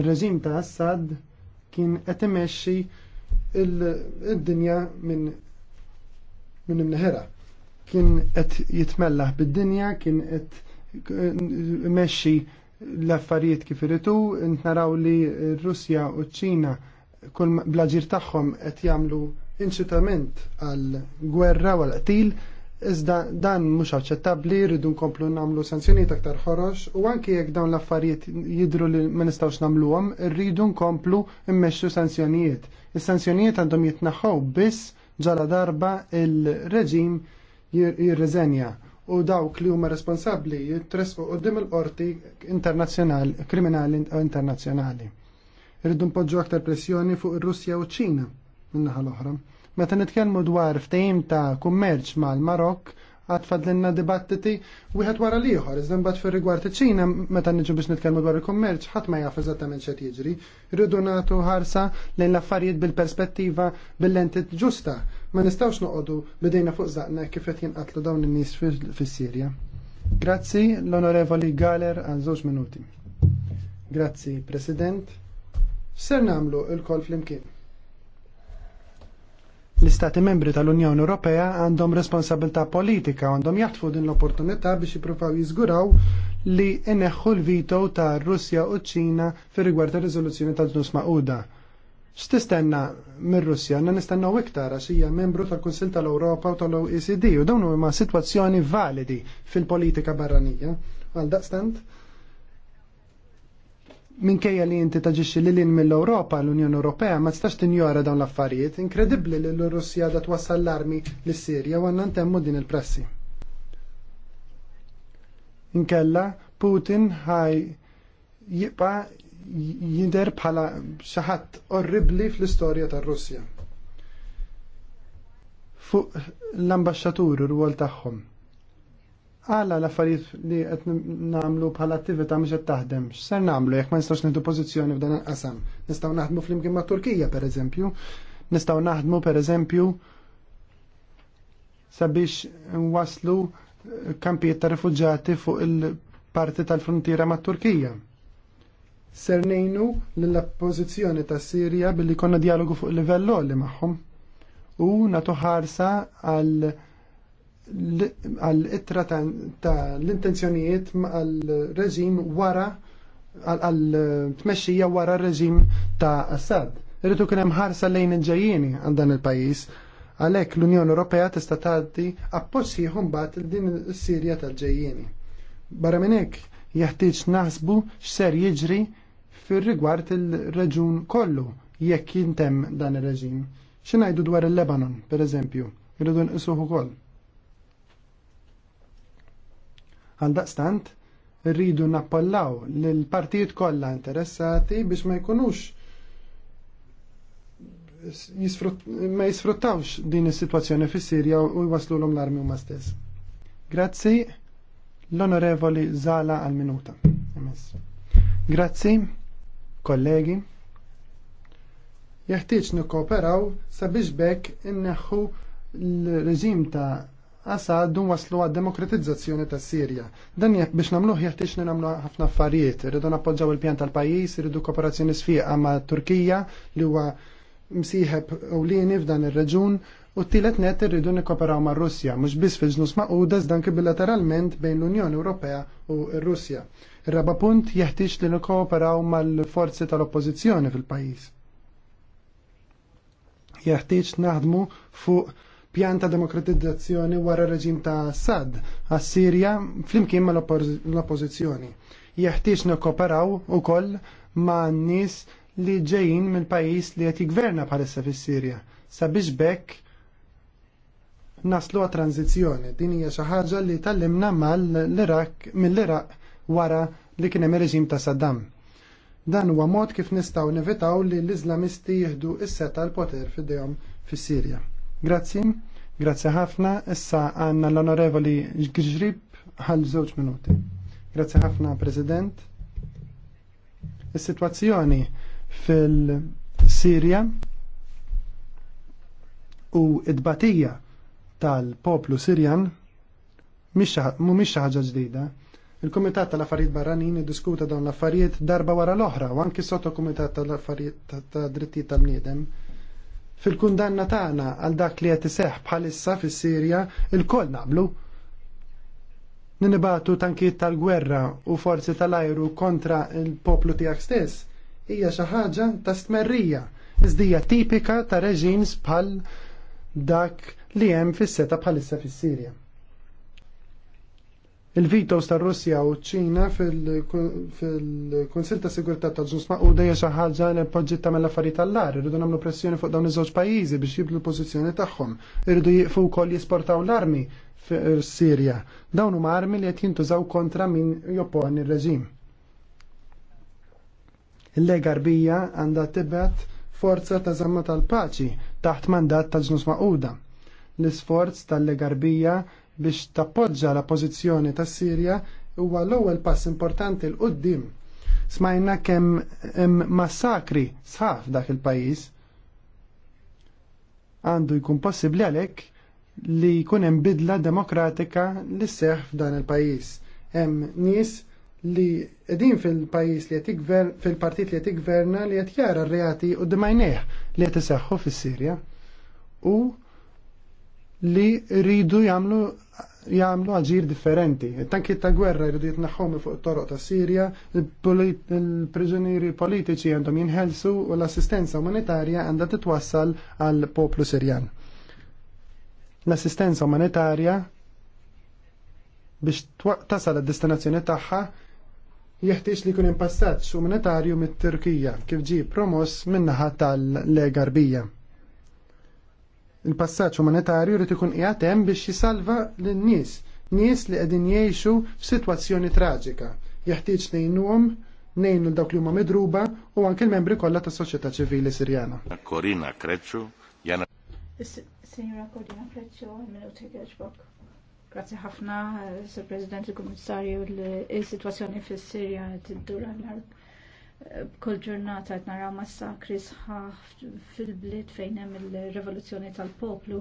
Ir-reġim ta' Assad kien qed imexxi l dinja minn minn imneħera. Kien qed jitmellaħ bid-dinja, kien qed eh, imexxi l-affarijiet kif iritu, naraw li r-Russja u ċ-Ċina kull blaġir tagħhom qed jagħmlu inċitament għal gwerra u għal qtil Iżda dan mhux aċċettabbli, rridu nkomplu nagħmlu sanzjonijiet aktar ħorox u anke jekk dawn l-affarijiet jidhru li ma nistgħux nagħmluhom, rridu nkomplu mmexxu sanzjonijiet. Is-sanzjonijiet għandhom jitnaħħaw biss ġara darba il-reġim jirriżenja u dawk li huma responsabbli jitresqu qudiem il-qorti internazzjonali kriminali internazzjonali. Rridu npoġġu aktar pressjoni fuq ir-Russja u ċ-Ċina min-naħa l-oħra. Meta nitkellmu dwar ftehim ta' kummerċ mal-Marokk, għad fadlinna dibattiti wieħed wara liħor, iżda mbagħad fir-rigward iċ-Ċina meta niġu biex nitkellmu dwar il-kummerċ, ħadd ma jaf eżattament x'għed jiġri. Irridu nagħtu ħarsa lejn l-affarijiet bil-perspettiva bil-lenti ġusta. Ma nistgħux noqogħdu bidejna fuq żaqna kif qed jinqatlu dawn in-nies fis-Sirja. Grazzi l-Onorevoli Galer għal żewġ minuti. Grazzi, President. Ser namlu il-kol flimkien L-Istati membri tal-Unjoni Ewropea għandhom responsabilta politika għandhom jaħtfu din l-opportunità biex jippruvaw jiżguraw li ineħħu l-vito ta' Russja u ċina fir rigward ir-riżoluzzjoni tal-ġnus maquda. X'tistenna mir-Russja na nistennaw iktar għax hija membru tal-Kunsill tal-Ewropa u tal-OECD u dawn huma sitwazzjoni validi fil-politika barranija. Għal daqstant? minkejja li taġiċi taġixxi l in mill-Ewropa l-Unjoni Ewropea ma tistax tinjora dawn l-affarijiet, inkredibbli li l russija da twassal l-armi lis-Sirja u għandna ntemmu din il pressi Inkella Putin ħaj jibqa jinder bħala xi ħadd orribli fl-istorja tar-Russja. Fuq l-ambaxxatur ir għol tagħhom għala l-affarijiet li qed nagħmlu bħala attività mhux qed taħdem. ser nagħmlu jekk ma nistgħux nieħdu pożizzjoni f'dan il-qasam. Nistgħu naħdmu flimkien ma' Turkija pereżempju, nistgħu naħdmu pereżempju sabiex waslu kampijiet ta' rifuġġati fuq il-parti tal-frontiera ma' Turkija. Ser ngħinu l-oppożizzjoni ta' Sirja billi konna dialogu fuq il livell li magħhom u natuħarsa ħarsa għal għal-ittra ta' l-intenzjonijiet għal-reżim wara għal-tmexxija wara r-reżim ta' Assad. Irritu kien hemm ħarsa lejn il-ġejjieni għal dan il-pajjiż. Għalhekk l-Unjoni Ewropea tista' tagħti appossi mbagħad il din is-Sirja tal-ġejjieni. Barra minn hekk jeħtieġ naħsbu x'ser jiġri fir-rigward il-reġun kollu jekk jintemm dan ir-reġim. X'ingħidu dwar il-Lebanon, pereżempju, irridu nqisuh ukoll Għaldaqstant, rridu nappollaw l-partijiet kollha interessati biex ma jkunux ma jisfruttawx din is-sitwazzjoni fis-Sirja u jwaslu l l-armi huma stess. Grazzi l-Onorevoli Zala għal minuta. Grazzi, kollegi. Jeħtieġ nikkooperaw sabiex bekk inneħħu l-reġim ta' Asa għaddu waslu għad demokratizzazzjoni ta' Sirja. Dan jek biex namluħ jeħtiex li namlu ħafna affarijiet, rridu nappoġġaw il-pjan tal-pajjiż, rridu kooperazzjoni sfiqa ma' Turkija li huwa msiħeb u ewlieni f'dan ir-reġun u t tilet net irridu nikkoperaw ma' Russja, mhux biss fil-ġnus Udas dan bilateralment bejn l-Unjoni Ewropea u r-Russja. Ir-raba punt jeħtiex li ma' mal-forzi tal-oppożizzjoni fil-pajjiż. Jeħtieġ naħdmu fuq pjan ta' demokratizzazzjoni wara reġim ta' Assad għas-Sirja flimkien ma' l-oppożizzjoni. Jeħtieġ nikkoperaw ukoll ma' nies li ġejjin mill-pajjiż li qed jigverna bħalissa fis-Sirja sabiex bekk naslu għat Din hija xi ħaġa li tallimna mal-Iraq mill-Iraq wara li kien hemm reġim ta' Saddam. Dan huwa mod kif nistgħu nevitaw li l-Iżlamisti jieħdu s-seta l-poter fidejhom fis-Sirja. Grazzi, grazzi ħafna. Issa għanna l-onorevoli Gġrib għal żewġ minuti. Grazzi ħafna, President. Is-sitwazzjoni fil-Sirja u id-batija tal-poplu Sirjan mhumiex miex ħaġa ġdida. Il-Kumitat tal-Affarijiet Barranin iddiskuta dawn l-affarijiet darba wara l-oħra, u anki sotto Kumitat tal-Affarijiet tal Drittijiet tal-Bniedem Fil-kundanna tagħna għal dak li qed iseħħ bħalissa fis-Sirja il-koll naqblu. Ninibatu tankiet tal-gwerra u forzi tal-ajru kontra il-poplu tiegħek stess hija xi ħaġa ta' stmerrija iżdija tipika ta' reġims bħal dak li hemm fis-seta bħalissa fis-Sirja. Il-vitos ta' Russja u ċina fil-Konsil ta' Sigurtà ta' Ġus ma' hija xi ħaġa li ta' mill-affarijiet tal-lar, irridu nagħmlu pressjoni fuq dawn iż-żewġ pajjiżi biex jiblu l-pożizzjoni tagħhom. Irridu jiqfu wkoll jisportaw l-armi fir-Sirja. Dawn huma armi li qed jintużaw kontra min jopponi ir-reġim. Il-Lega Arbija għandha tibet forza ta' żamma tal-paċi taħt mandat tal-Ġnus Maquda. L-isforz tal-Lega biex tappoġġa la pożizzjoni tas Sirja huwa l-ewwel pass importanti l qudiem Smajna kemm hemm massakri sħaf dak il-pajjiż. Għandu jkun possibbli għalhekk li jkun hemm bidla demokratika li seħħ f'dan il-pajjiż. Hemm nies li qegħdin fil pajjiż li qed fil-partit li qed jatigverna li qed jara r-reati u d li qed iseħħu fis sirja U li rridu jagħmlu jamlu aġir differenti. Tanki ta' gwerra jridu jitnaħħom fuq toroq ta' Sirja, il-priġunieri politiċi għandhom jinħelsu u l-assistenza umanitarja għandha titwassal għal poplu Sirjan. L-assistenza umanitarja biex tasal id-destinazzjoni tagħha jeħtieġ li jkun hemm passaġġ umanitarju mit-Turkija kif ġie promoss min-naħa tal-Legarbija. Il-passaġġ umanitarju jrid ikun qiegħed hemm biex jisalva lin-nies, nies li qegħdin jgħixu f'sitwazzjoni traġika. Jeħtieġ ngħinuhom nejnu dawk li huma midruba u anke l-membri kollha tas-soċjetà ċivili Sirjana. Korina Kreċċu, jana. Signora Korina Kreċċu, minuti għieġbok. Grazie ħafna, eh, Sir President, il-Kummissarju, l situazzjoni fis-Sirja tiddur l art kol ġurnata qed naraw massakri sħaħ fil-bliet fejn hemm il revoluzjoni tal-poplu,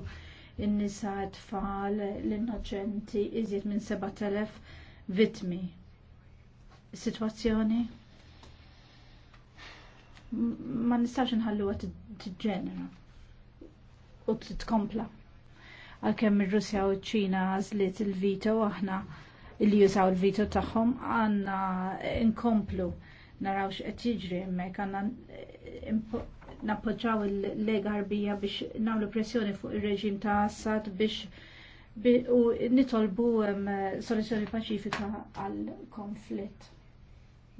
in-nisa tfal, l-innoċenti, iżjed minn 7000 vittmi. Situazzjoni ma nistax t tiġġenera u tkompla, Għalkemm ir-Russja u ċ-Ċina għażliet il-vito aħna li jużaw il-vito tagħhom għandna inkomplu naraw qed jiġri hemmhekk għandna eh, nappoġġaw il-Lega Arbija biex nagħmlu pressjoni fuq ir-reġim ta' Assad biex u nitolbu soluzzjoni paċifika għal konflitt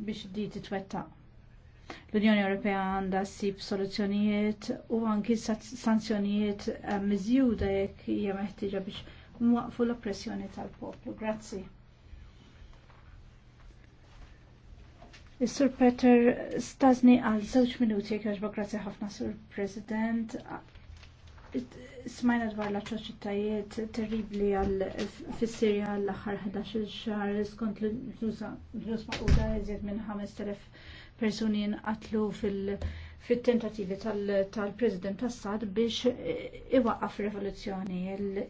biex di titwettaq l-Unjoni Ewropea għandha ssib soluzzjonijiet u anki sanzjonijiet miżjuda jekk hija meħtieġa biex nwaqfu l-oppressjoni tal-poplu. Grazzi. Is-Sur Peter stażni għal żewġ minuti jekk jaġbok grazzi ħafna Sur President. Smajna dwar l-atroċitajiet terribli għal fis-Sirja l-aħħar 11 xahar skont l-ġuż maquda iżjed minn 5000 persuni nqatlu fil- fit-tentativi tal-President Assad biex eh, iwaqqaf rivoluzzjoni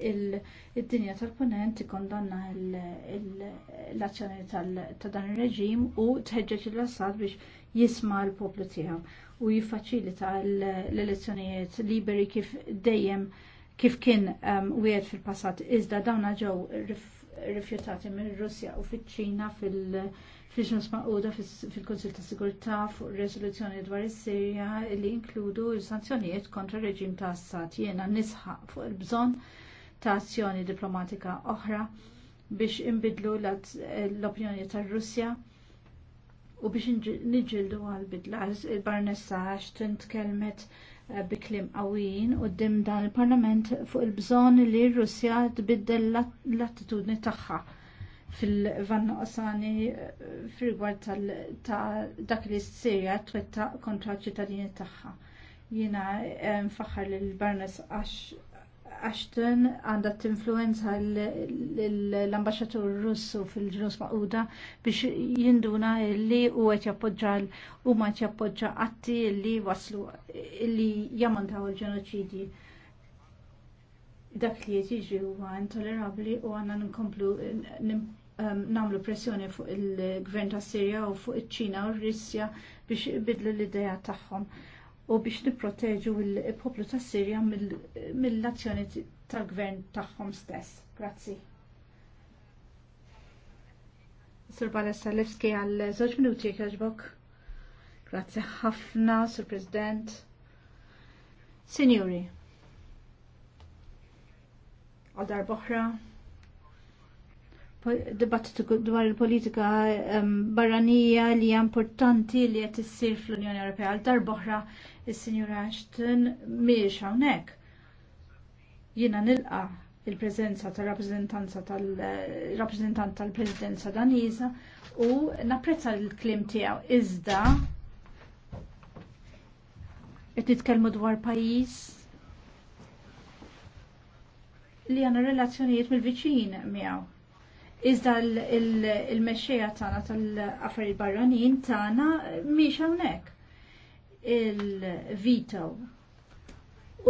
il-dinja tal-ponent kondanna l-azzjoni ta' dan il-reġim u tħeġġeġ l-Assad biex jisma l-poplu tiegħu u jiffaċilita l-elezzjonijiet liberi kif dejjem kif kien ehm, wieħed fil-passat iżda dawna ġew rifjutati mill-Russja u fiċ-Ċina fil- fiex ġnus fil-Konsil ta' Sigurtà fuq resoluzzjoni dwar is-Sirja li inkludu sanzjonijiet kontra reġim ta' Assad jiena nisħaq fuq il-bżonn ta' azzjoni diplomatika oħra biex imbidlu l-opinjoni tar Russja u biex niġildu għal-bidla. Il-Barnessa Ashton tkellmet eh, bi kliem qawwijin u dan il-Parlament fuq il bżon li r Russja tbiddel l-attitudni tagħha fil-vanna qasani eh, fil gwar ta' dak li s-sirja twetta kontra ċittadini tagħha. Jiena mfaħħar eh, l Barnes Ashton għandha tinfluenza l ambasġatur Russu fil-ġnus maquda biex jinduna li u għet jappoġġa u ma jappoġġa atti li waslu li jamantaw il-ġenoċidji dak li jtiġi huwa intolerabbli u għandna komplu Um, namlu pressjoni fuq il-gvern ta' Sirja u fuq iċ-Ċina u r rissja biex ibidlu l-ideja tagħhom u biex nipproteġu l-poplu ta' Sirja mill-azzjoni tal-gvern tagħhom stess. Grazzi. Sur Balestalewski għal żewġ minuti kħeġbok. Grazzi ħafna, Sur President. Signori, għal darboħra dibattitu dwar il-politika barranija li hija importanti li qed issir fl-Unjoni Ewropea għal darb'oħra is-Sinjura Ashton mhijiex hawnhekk. Jiena nilqa il-preżenza tar-rappreżentanza tal-rappreżentant eh, tal-Presidenza Daniża u napprezza l-klim tiegħu iżda qed nitkellmu dwar pajjiż li għandna relazzjonijiet mill-viċin miegħu Iżda il-mexxejja tagħna tal-affarijiet barranin tagħna mhix hawnhekk. Il-vito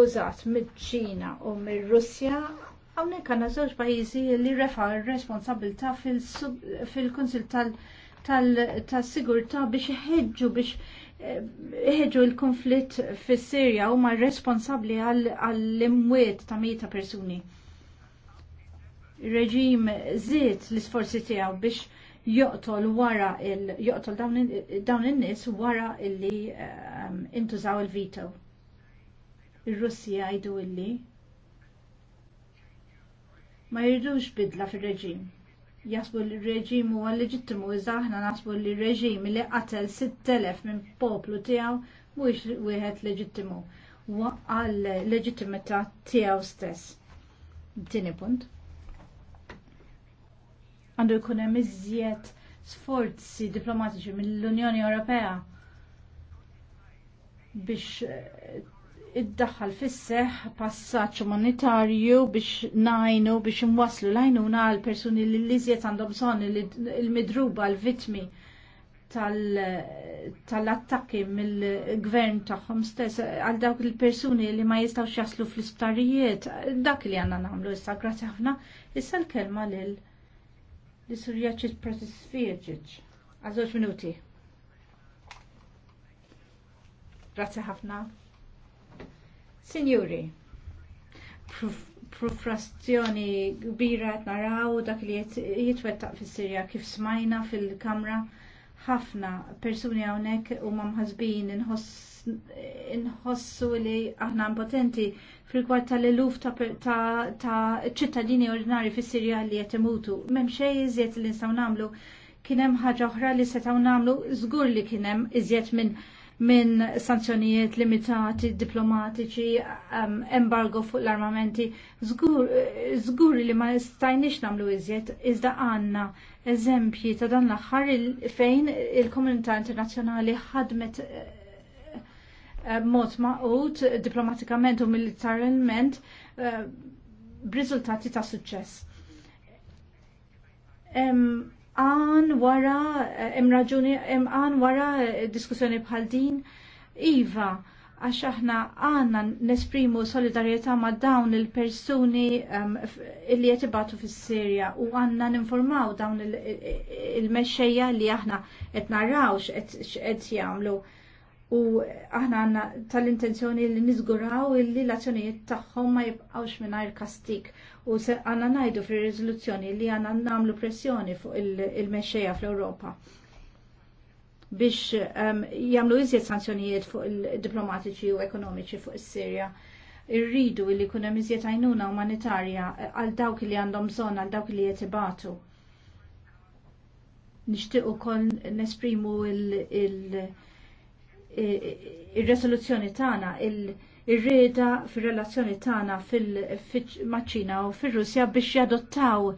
użat miċ ċina u mir-Russja hawnhekk għandna żewġ pajjiżi li refa' r-responsabilità fil-Kunsil tal-Sigurtà biex iħeġġu biex eh, iħeġġu l-konflitt fis-Sirja huma responsabbli għall-imwiet ta' mieta persuni reġim zid l-isforzi tiegħu biex joqtol wara il joqtol dawn in-nies wara illi um, intużaw il-vito. Ir-Russi il jgħidu illi ma jridux bidla fir-reġim. Jasbu li reġim huwa leġittimu iżda aħna nasbu li reġim li qatel 6000 minn poplu tiegħu mhuwiex wieħed leġittimu. għall leġittimità tiegħu stess. Tini punt għandu jkun hemm iżjed sforzi diplomatiċi mill-Unjoni Ewropea biex eh, iddaħħal fis-seħħ passaġġ umanitarju biex najnu biex imwaslu lajnuna għal persuni li l-iżjed għandhom bżonn il-midruba l-vitmi tal-attakki mill-gvern tagħhom stess għal dawk il-persuni li ma jistgħux jaslu fl-isptarijiet dak li għandna nagħmlu issa grazzi ħafna issa l-kelma lil Jisur proċess pratisfieċiċ. Għazoċ minuti. Grazie ħafna. Signori, frustrazzjoni kbira qed naraw dak li jitwettaq fis-Sirja kif smajna fil-kamra ħafna persuni hawnhekk huma mħasbin inħossu li aħna impotenti fil-gwad tal-eluf ta' ċittadini ordinari fis sirja li qed imutu. M'hemm xej iżjed li nistgħu nagħmlu. Kien hemm ħaġa oħra li setgħu nagħmlu żgur li kien hemm iżjed minn min sanzjonijiet limitati, diplomatiċi, um, embargo fuq l-armamenti. Zgur li ma stajnix namlu iżjed, iżda għanna eżempji ta' dan l-axħar fejn il-komunità internazzjonali ħadmet Eh, mod maqut diplomatikament u militarment eh, b'riżultati ta' suċċess. Għan wara, imraġuni, eh, għan wara diskussjoni bħal din, Iva, għax aħna għanna nesprimu solidarieta ma' dawn il-persuni li jettibatu fis sirja u għanna ninformaw dawn il-mexxejja li aħna etnarrawx, et, et u aħna għanna tal-intenzjoni li nizguraw illi l-azzjonijiet tagħhom ma jibqawx mingħajr kastik u se għanna najdu fir-riżoluzzjoni li għanna namlu pressjoni fuq il-mexxejja fl-Ewropa biex um, ehm, jamlu iżjed sanzjonijiet fuq il-diplomatiċi u ekonomiċi fuq is-Sirja. Irridu li jkun hemm iżjed għajnuna umanitarja għal dawk li għandhom bżonn għal dawk li qed ibatu. Nixtieq ukoll nesprimu il-, il ir-resoluzzjoni tagħna ir-rieda fir-relazzjoni tagħna fil-maċina u fir-Russja biex jadottaw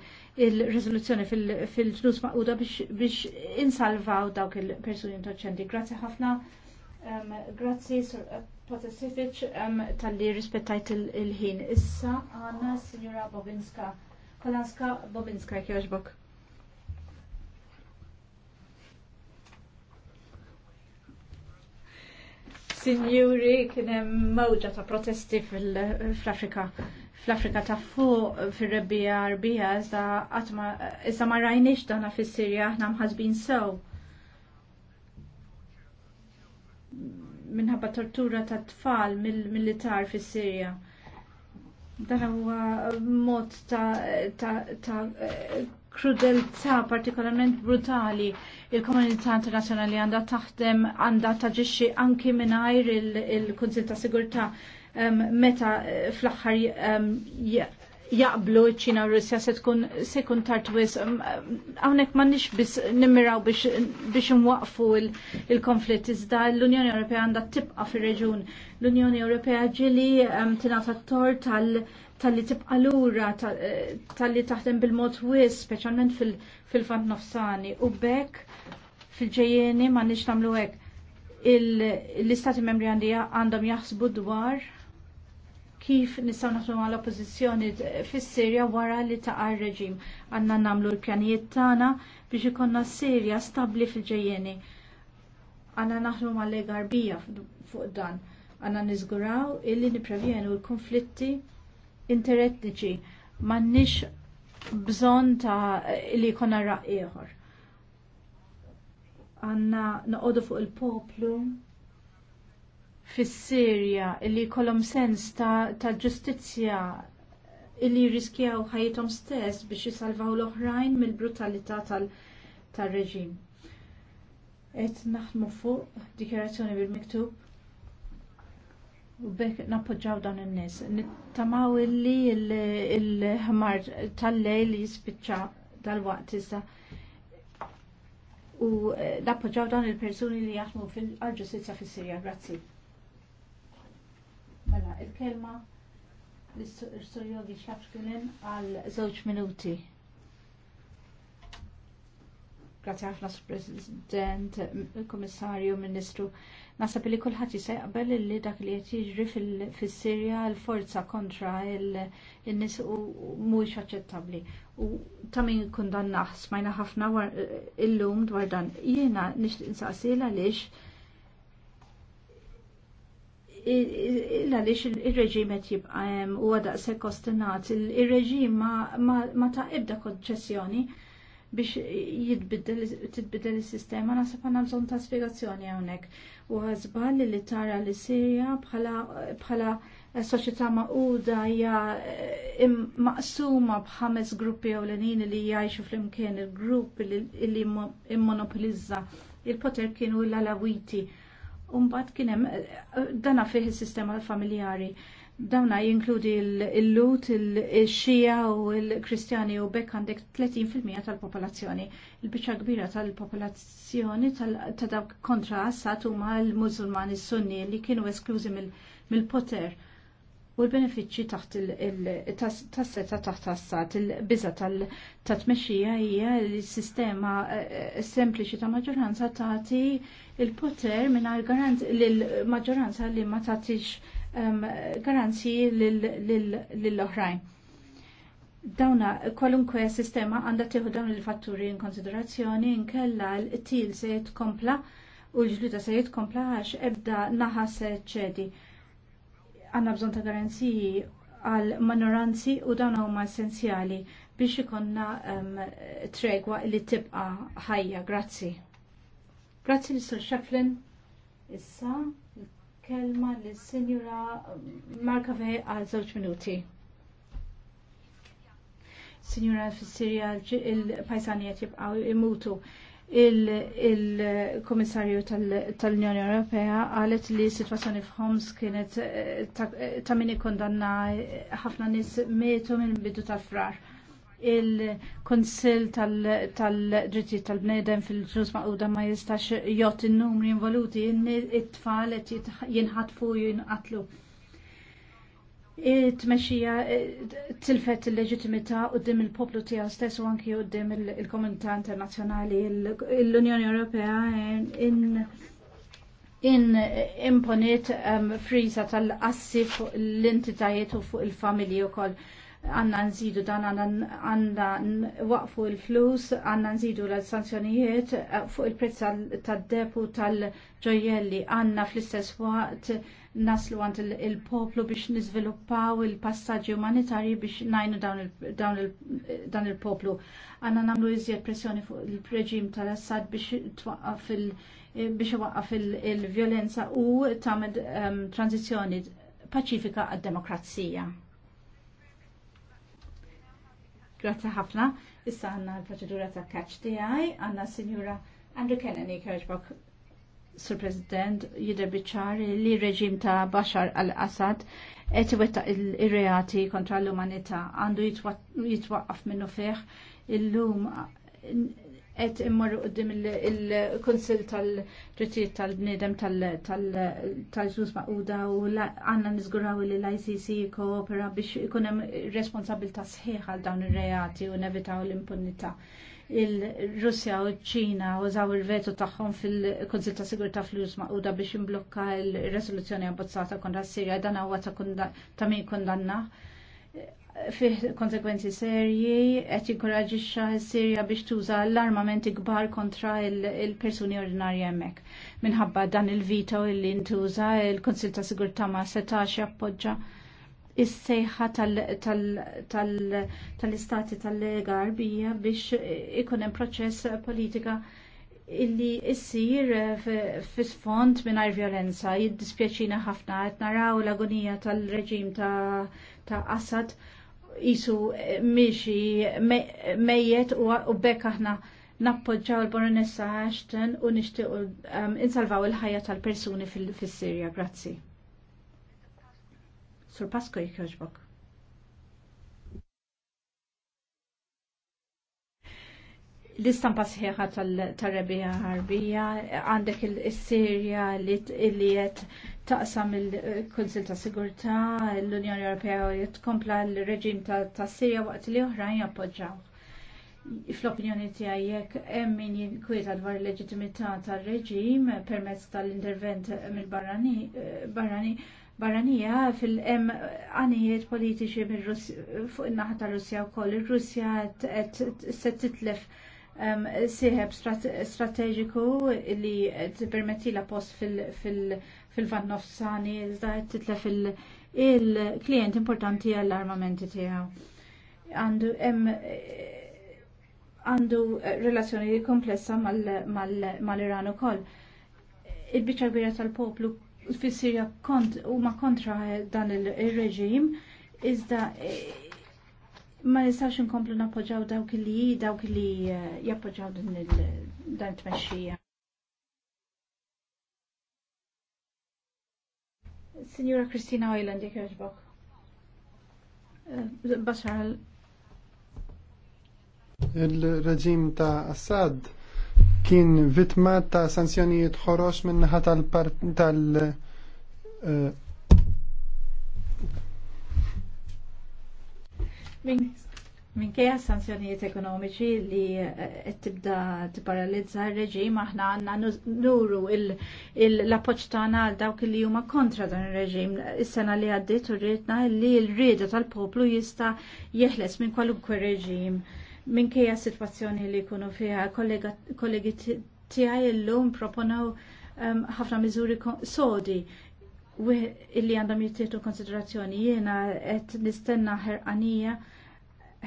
il resoluzzjoni fil-ġlus maquda biex insalvaw dawk il-persuni intoċenti. Grazie ħafna, grazie Potasific tal-li rispettajt il-ħin. Issa għanna Signora Bobinska, Kolanska Bobinska, kjoġbok. kien hemm mawġa ta' protesti fl-Afrika. Fl-Afrika ta' fuq fir rebbija arbija, iżda ma rajniex dana fis sirja aħna mħasbin sew. Minħabba tortura ta' tfal mill-militar fis sirja Dan huwa mod ta' krudeltà partikolarment brutali il-komunità internazzjonali għandha taħdem għandha taġixxi anki mingħajr il kunzil ta' Sigurtà meta eh, fl-aħħar jaqblu ċina u Russja se tkun sekund tartwis. Hawnhekk m'għandniex biss nimmiraw biex nwaqfu il-konflitt iżda l-Unjoni Ewropea għandha tibqa' fir-reġun. L-Unjoni Ewropea ġili tingħata t-tor tal- tal-li tibqa lura eh, tal-li taħdem bil-mod wis, speċjalment fil-fant nofsani u bekk fil-ġejjeni ma nix namlu hekk. L-istati membri għandhom jaħsbu dwar kif nistaw naħdmu mal oppożizzjoni fis-Sirja wara li taqar reġim. Għandna namlu l-pjanijiet tagħna biex ikonna Sirja stabbli fil-ġejjeni. Għandna naħdmu mal-Lega Arbija fuq dan. Għandna niżguraw illi niprevjenu l-konflitti interettiċi m'għandniex bżonn ta' li jkun raq ieħor. Għandna noqogħdu fuq il-poplu fis-Sirja li jkollhom sens ta', ta ġustizzja illi jirriskjaw ħajjithom stess biex jisalvaw l-oħrajn mill-brutalità tal-reġim. Qed naħdmu fuq dikjarazzjoni bil-miktub u bekk nappoġġaw dan in-nies. Nittamaw illi il-ħmar tal-lejl jispiċċa tal waqt issa. U eh, nappoġġaw dan il-persuni li jaħdmu fil-ġustizja fis-Sirja. Grazzi. Mela, il-kelma l-istorjogi xafxkinen għal żewġ minuti. Grazie ħafna, President, Komissarju, Ministru. Nasab li kullħat jista' jaqbel li dak li qed jiġri fis-Sirja l-forza kontra n u mhuwiex aċċettabbli. U ta' min naħs, majna ħafna illum dwar dan. Jiena nixtieq insaqsil għaliex illa lix il-reġim qed jibqa' hemm huwa daqshekk ostinat, il-reġim ma ta' ebda konċessjoni biex jitbidel is-sistema nasa fanna bżon ta' spiegazzjoni hawnhekk u għażbal li tara li Sirja bħala soċjetà maquda hija eh, maqsuma b'ħames gruppi ewlenin li jgħixu flimkien il-grupp li immonopolizza il-poter kienu l-alawiti. Umbat kien hemm eh, dana fih is-sistema familjari. Dawna jinkludi l-lut, il-xija u l-kristjani u bekk għandek 30% tal-popolazzjoni. Il-bicċa kbira tal-popolazzjoni ta' dawk kontra Assad huma l-Musulmani sunni li kienu esklużi mill-poter u l-benefiċċji taħt il seta taħt Assad. Il-biża tal tmexxija hija l-sistema eh, eh, sempliċi ta' maġġoranza tagħti il-poter mingħajr garant lill-maġġoranza li ma tagħtix garanzji lill-oħrajn. Dawna, kwalunkwe sistema għandha tieħu dawn il-fatturi in konsiderazzjoni inkella l-til se jitkompla u l-ġluta se jitkompla għax ebda naħa se ċedi. Għanna bżon ta' garanziji għal manoranzi u dawn huma essenzjali biex ikonna um, tregwa li tibqa ħajja. Grazzi. Grazzi l sir Shefflin. Issa kelma l-Sinjura Markave għal żewġ minuti. Sinjura fis-Sirja il-pajsanijiet jibqgħu imutu il-Komissarju tal-Unjoni Ewropea għalet li s situazzjoni f'Homs kienet eh, ta' minni kondanna ħafna nis mietu minn bidu tal-frar il-Konsil tal drittijiet tal-bnedem fil-ġus maquda ma jistax jot il-numri involuti, il tfal jinħatfu jinqatlu. It-mexija eh, tilfet il-leġitimità u dim il-poplu tijaw stess u anki u dim il-komunità internazjonali. L-Unjoni Ewropea eh, in eh, imponiet um, ehm, tal-qassi fuq l-entitajiet u fuq il-familji u koll għanna nżidu dan għanna waqfu il-flus, għanna nżidu l-sanzjonijiet eh, fuq il-prezz tad-depu tal-ġojelli, għanna fl-istess waqt naslu għant il-poplu biex nizviluppaw il-passagġi umanitarji biex najnu dan il-poplu. Għanna namlu iżjed pressjoni fuq il-reġim tal-Assad biex twaqqaf biex waqqaf il-violenza u tamed ehm, transizjoni paċifika għad-demokrazija. Grazzi ħafna. Issa għanna l-proċedura ta' catch DI, għanna Signora Andrew Kennedy Kirchbach, Sir President, jider biċar li reġim ta' Bashar al-Assad qed wetta il-reati kontra l-umanità għandu jitwaqqaf minnu il-lum et immorru qoddim il-Konsil tal ġetiet tal-Bnidem tal ġus maquda u għanna nizguraw li l-ICC koopera biex ikunem responsabilta sħiħ għal dawn ir-reati u nevitaw l-impunita. Il-Russja u ċ-Ċina użaw il-veto tagħhom fil-Konsil ta' Sigurta fl-ġnus maquda biex imblokka il-resoluzzjoni abbozzata kontra s-Sirja dan huwa ta' min kondanna fih konsekwenzi serji, qed jinkoraġixxa s-Sirja biex tuża l-armamenti kbar kontra il-persuni ordinarji hemmhekk. Minħabba dan il-vito li ntuża il-Konsil ta' Sigurtà ma setax jappoġġa is-sejħa tal-istati tal-lega arbija biex ikun hemm proċess politika illi issir fis-fond mingħajr violenza jiddispjaċina ħafna qed naraw l-agonija tal-reġim ta' ta' Assad jisu eh, miexi mejjet u bekk aħna nappoġġaw il-Baronessa Ashton u nixtiequ um, insalvaw il-ħajja tal-persuni fil-Sirja. Grazzi. Sur Pasko jikħoġbok. L-istampa sħiħa tal-rebija ħarbija għandek il-Sirja li qed taqsam il-Kunsil ta' Sigurtà l-Unjoni Ewropea jitkompla l-reġim ta' Sirja waqt li oħrajn jappoġġaw. Fl-opinjoni tiegħi jekk hemm min jinkwieta dwar il-leġittimità tar-reġim permezz tal-intervent mill-barrani barranija fil-em għanijiet politiċi fuq in-naħa tar Russja wkoll. il russja qed se titlef ehm, sieħeb strateġiku li permetti la post fil- fil-van nofsani, iżda titlef il-klient importanti għall-armamenti tiegħu. Għandu għandu relazzjoni komplessa mal-Iran ukoll. il bicċa gbira tal-poplu fis-Sirja kont huma kontra dan il-reġim, iżda e, ma nistax inkomplu nappoġġaw dawk li dawk li e, jappoġġaw din il tmexxija. Signora Kristina Island, jek jaġbok. Eh, Bashar. Il-reġim ta' Assad kien vitma ta' sanzjonijiet ħorox minnaħa tal-tal eh, Minn Minkejja sanzjonijiet ekonomiċi li qed eh, tibda tipparalizza r-reġim aħna għandna nuru l-appoġġ tagħna għal dawk li huma kontra dan ir-reġim. Is-sena li għaddiet rridna li l-rieda tal-poplu jista' jeħles minn kwalunkwe reġim. Minkejja s-sitwazzjoni li jkunu fiha kollegi tiegħi llum proponaw ehm, ħafna miżuri sodi illi għandhom jittieħdu konsiderazzjoni jiena qed nistenna ħerqanija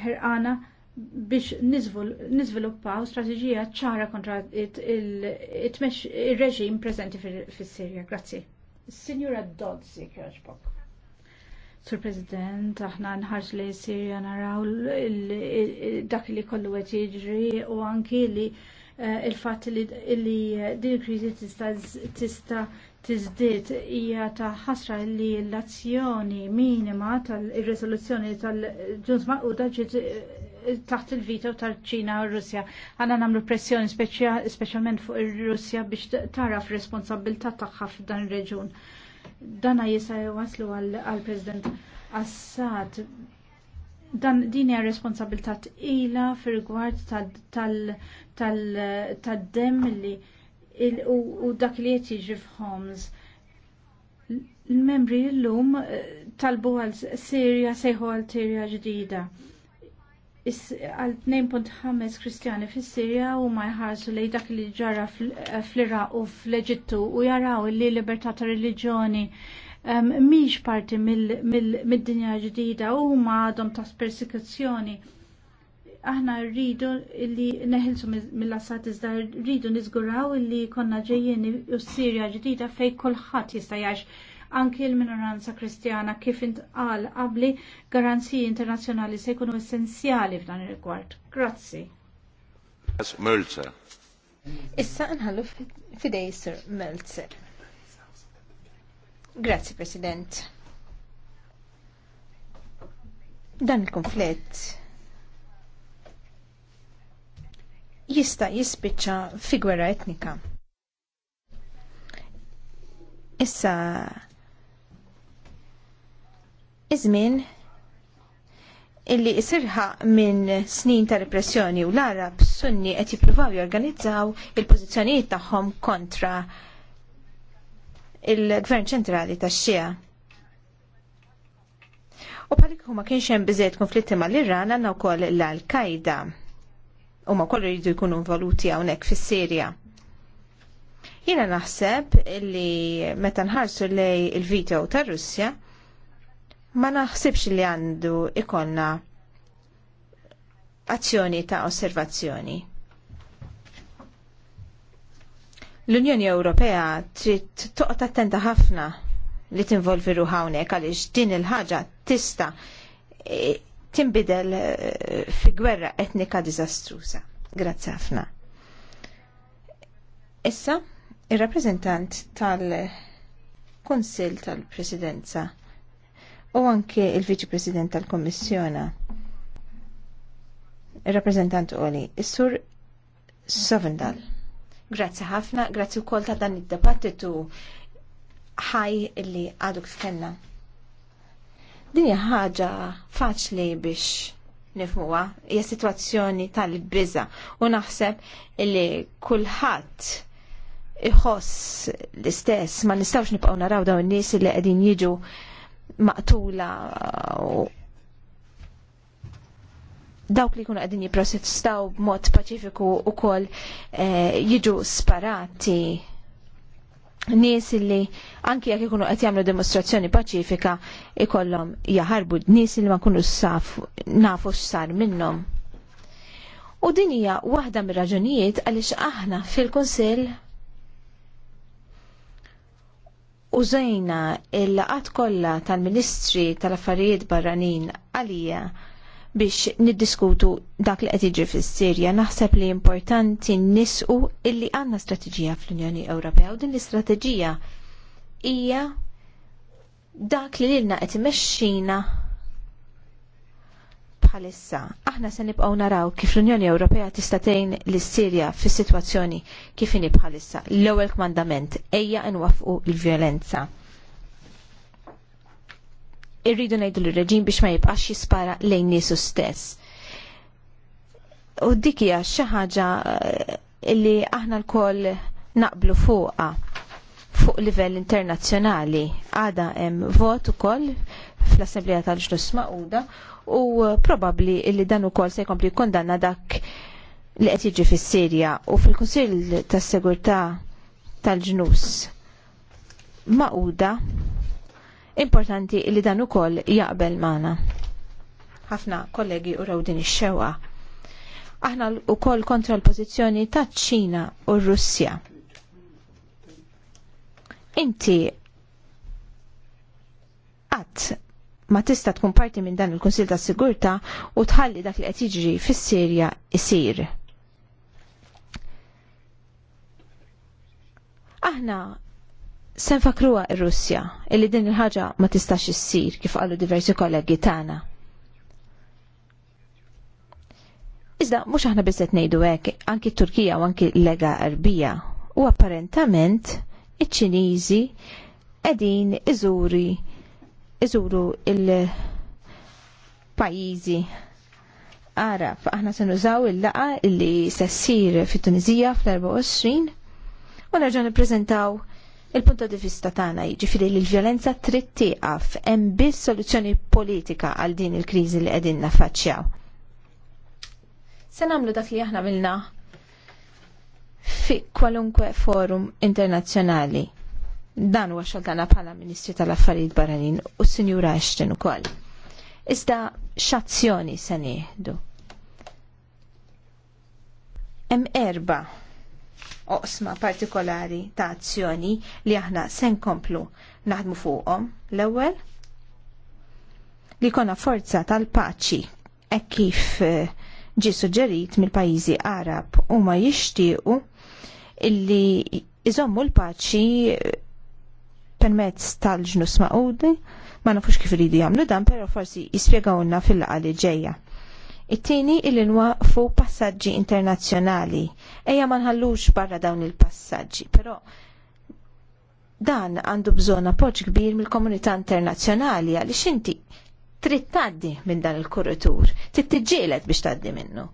ħerqana biex nizviluppaw strategija ċara kontra il-reġim prezenti fil-Sirja. Grazzi. Signora Dodzi, jekk Sur President, aħna nħarġ li Sirja naraw dak li kollu għet jiġri u anki li eh, il-fat li eh, din krizi tista' tiżdied hija ta' ħasra li l-azzjoni minima tal-risoluzzjoni tal-ġuns maquda ġiet eh, taħt il-vito tal-ċina u Russja. Għanna namlu pressjoni specialment fuq il-Russja biex taraf responsabilta tagħha f'dan il-reġun. Dana jisa waslu għal-President Assad. Dan din hija responsabilità tqila fir-rigward tal-dem li u dak li qed jiġi f'Homs. Il-membri l-lum eh, talbu għal Sirja sejħu għal Sirja ġdida. Għal 2.5 kristjani fis serja u ma jħarsu li dak li ġara eh, fl-Iraq u fl-Eġittu u jaraw li libertà ta' religjoni ehm, mhix parti mid-dinja ġdida u ma għadhom ta' persekuzzjoni aħna rridu li neħilsu mill-assat iżda rridu niżguraw li konna ġejjeni u Sirja ġdida fej kulħadd jista' jgħix anki l-minoranza kristjana kif intqal qabli garanziji internazzjonali se jkunu essenzjali f'dan ir-rigward. Grazzi. Issa nħallu fidej Sir Melzer. Grazzi President. Dan il-konflitt jista' jispiċċa fi gwerra etnika. Issa iż-żmien illi isirħa minn snin ta' repressjoni u l-Arab sunni qed jippruvaw jorganizzaw il-pożizzjonijiet tagħhom kontra il-Gvern ċentrali tax-Xija. U bħalik huma kienx hemm biżejjed konflitti mal-Iran għandna wkoll l-Al-Qaida u ma kollu jridu jkunu involuti hawnhekk fis-Sirja. Jiena naħseb li meta nħarsu lej il-video tar Russja ma naħsibx li għandu ikonna azzjoni ta' osservazzjoni. L-Unjoni Ewropea trid toqgħod attenta ħafna li tinvolvi ruħawnek għaliex din il-ħaġa tista' timbidel eh, fi gwerra etnika diżastruża. Grazzi ħafna. Issa, ir-rappreżentant tal-Kunsill tal-Presidenza u anke il-Viċi President tal-Kommissjona il-rappresentant għali, Is-Sur Sovendal. Grazzi ħafna, grazzi wkoll ta' dan id debattitu ħaj li għaduk f'kenna. Din hija ħaġa faċli biex nifmuha hija sitwazzjoni tal-biża u naħseb li kulħadd iħoss l-istess ma nistgħux nibqgħu naraw dawn in-nies li qegħdin jiġu maqtula dawk li jkunu qegħdin jipprotestaw b'mod paċifiku wkoll e, jiġu sparati nies li anki jekk ikunu qed jagħmlu dimostrazzjoni paċifika ikollhom jaħarbu nies li ma kunux saf nafu x'sar minnhom. U din hija waħda mir-raġunijiet għaliex aħna fil-Kunsill użajna il-laqat kollha tal-Ministri tal-Affarijiet Barranin għalija biex niddiskutu dak li qed jiġri fis-Sirja. Naħseb li importanti nisqu illi għandna strateġija fl-Unjoni Ewropea u din l-istrateġija hija dak li lilna qed imexxina bħalissa. Aħna se nibqgħu naraw kif l-Unjoni Ewropea tista' tgħin lis-Sirja fis-sitwazzjoni kif inhi bħalissa. L-ewwel kmandament ejja nwaffqu l-vjolenza irridu ngħidu l-reġim biex ma jibqax jispara lejn niesu stess. U dik hija xi ħaġa eh, li aħna lkoll naqblu fuqha fuq livell internazzjonali. Għada hemm vot ukoll fl assemblea tal-Ġlus Maquda u probabbli li dan ukoll se jkompli kondanna dak li qed jiġi fis-Sirja u fil-Kunsill tas-Sigurtà tal-Ġnus Maquda importanti li dan ukoll jaqbel magħna. Ħafna kollegi uraw din ix-xewqa. Aħna wkoll kontra l-pożizzjoni taċ-Ċina u r-Russja. Inti qatt ma tista' tkun parti minn dan il-Kunsil tas Sigurtà u tħalli dak li qed jiġri fis-Sirja isir. Aħna sen fakruwa russja illi din il-ħaġa ma tistax issir kif qalu diversi kollegi tagħna. Iżda mhux aħna bizzet ngħidu hekk, anki t-Turkija u anki l-Lega Arbija u apparentament iċ-Ċiniżi qegħdin iżuri iżuru il-pajjiżi Arab. Aħna se nużaw il-laqa illi se ssir fit-Tunizija fl-24 u nerġa' nippreżentaw il punto di vista tagħna jiġifieri li l-vjolenza trid tieqaf hemm biss soluzzjoni politika għal din il-kriżi li qegħdin naffaċċjaw. Se nagħmlu dak li aħna milna fi kwalunkwe forum internazzjonali. Dan huwa xogħol tagħna bħala Ministri tal-Affarijiet Barranin u Sinjura Ashton ukoll. Iżda x'azzjoni se nieħdu? Hemm erba' oqsma partikolari ta' azzjoni li aħna se nkomplu naħdmu fuqhom. L-ewwel li jkollna forza tal-paċi hekk kif e, ġie suġġerit mill-pajjiżi Arab huma jixtiequ illi iżommu l-paċi e, permezz tal-ġnus maqudi, ma nafux kif iridu jagħmlu dan, però forsi jispjegawna fil laqgħa li ġejja. It-tieni il nwaqfu passaġġi internazzjonali. Ejja ma nħallux barra dawn il-passaġġi, però dan għandu bżonn appoġġ kbir mill-komunità internazzjonali għaliex inti trid tgħaddi minn dan il-kurritur, trid tiġġieled biex tgħaddi minnu.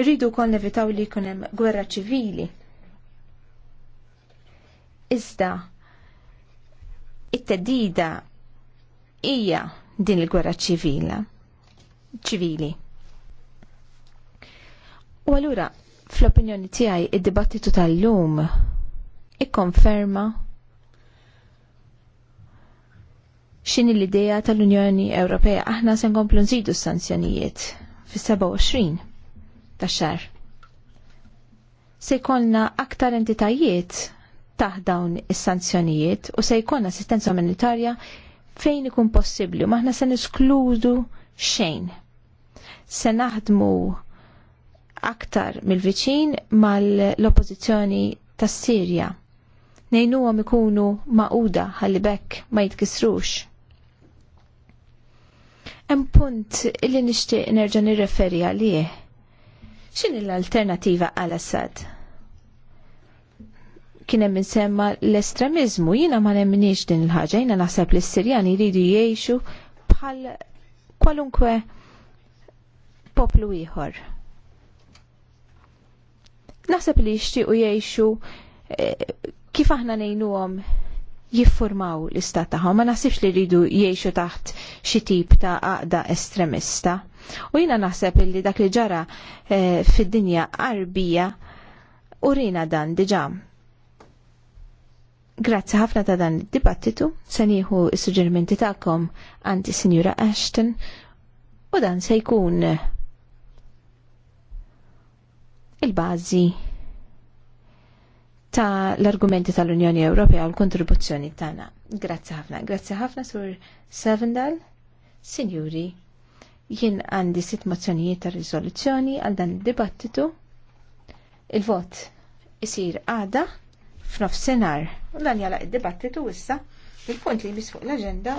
Irridu kon nevitaw li jkun hemm gwerra ċivili Iżda it-tedida hija din il-gwerra ċivila ċivili. U allura fl-opinjoni tiegħi id-dibattitu tal-lum ikkonferma x'in l-idea tal-Unjoni Ewropea aħna se nkomplu nżidu s-sanzjonijiet fis-27 tax xar Se jkollna aktar entitajiet taħ dawn is-sanzjonijiet u se jkun assistenza umanitarja fejn ikun possibbli u maħna se niskludu xejn. Se naħdmu aktar mill-viċin mal-oppożizzjoni tas-Sirja. Nejnuhom ikunu maquda ħalli bekk ma jitkisrux. Hemm punt li nixtieq nerġa' nirreferi għalih. X'inhi l-alternattiva għal Assad? kien hemm insemma l-estremizmu. Jiena ma nemminix din il-ħaġa, jiena naħseb li s-Sirjani jridu jgħixu bħal kwalunkwe poplu ieħor. Naħseb li jixtiequ jgħixu eh, kif aħna ngħinuhom jiffurmaw l-istat ma naħsibx li jridu jgħixu taħt xi tip ta' għaqda estremista. U jiena naħseb li dak li ġara eh, fid-dinja qarbija urina dan diġà Grazzi ħafna ta' dan id-dibattitu, saniħu s-suġġerimenti ta'kom għanti Sinjura Ashton u dan se jkun il-bazi ta' l-argumenti tal-Unjoni Ewropea u l-kontribuzzjoni tagħna. Grazzi ħafna, grazzi ħafna sur Sevendal, Sinjuri, jien għandi sitt mozzjonijiet ta' riżoluzzjoni għal dan id-dibattitu. Il-vot isir għada f'nofsinhar. U dan jala id-dibattitu issa il-punt li jmiss fuq l-aġenda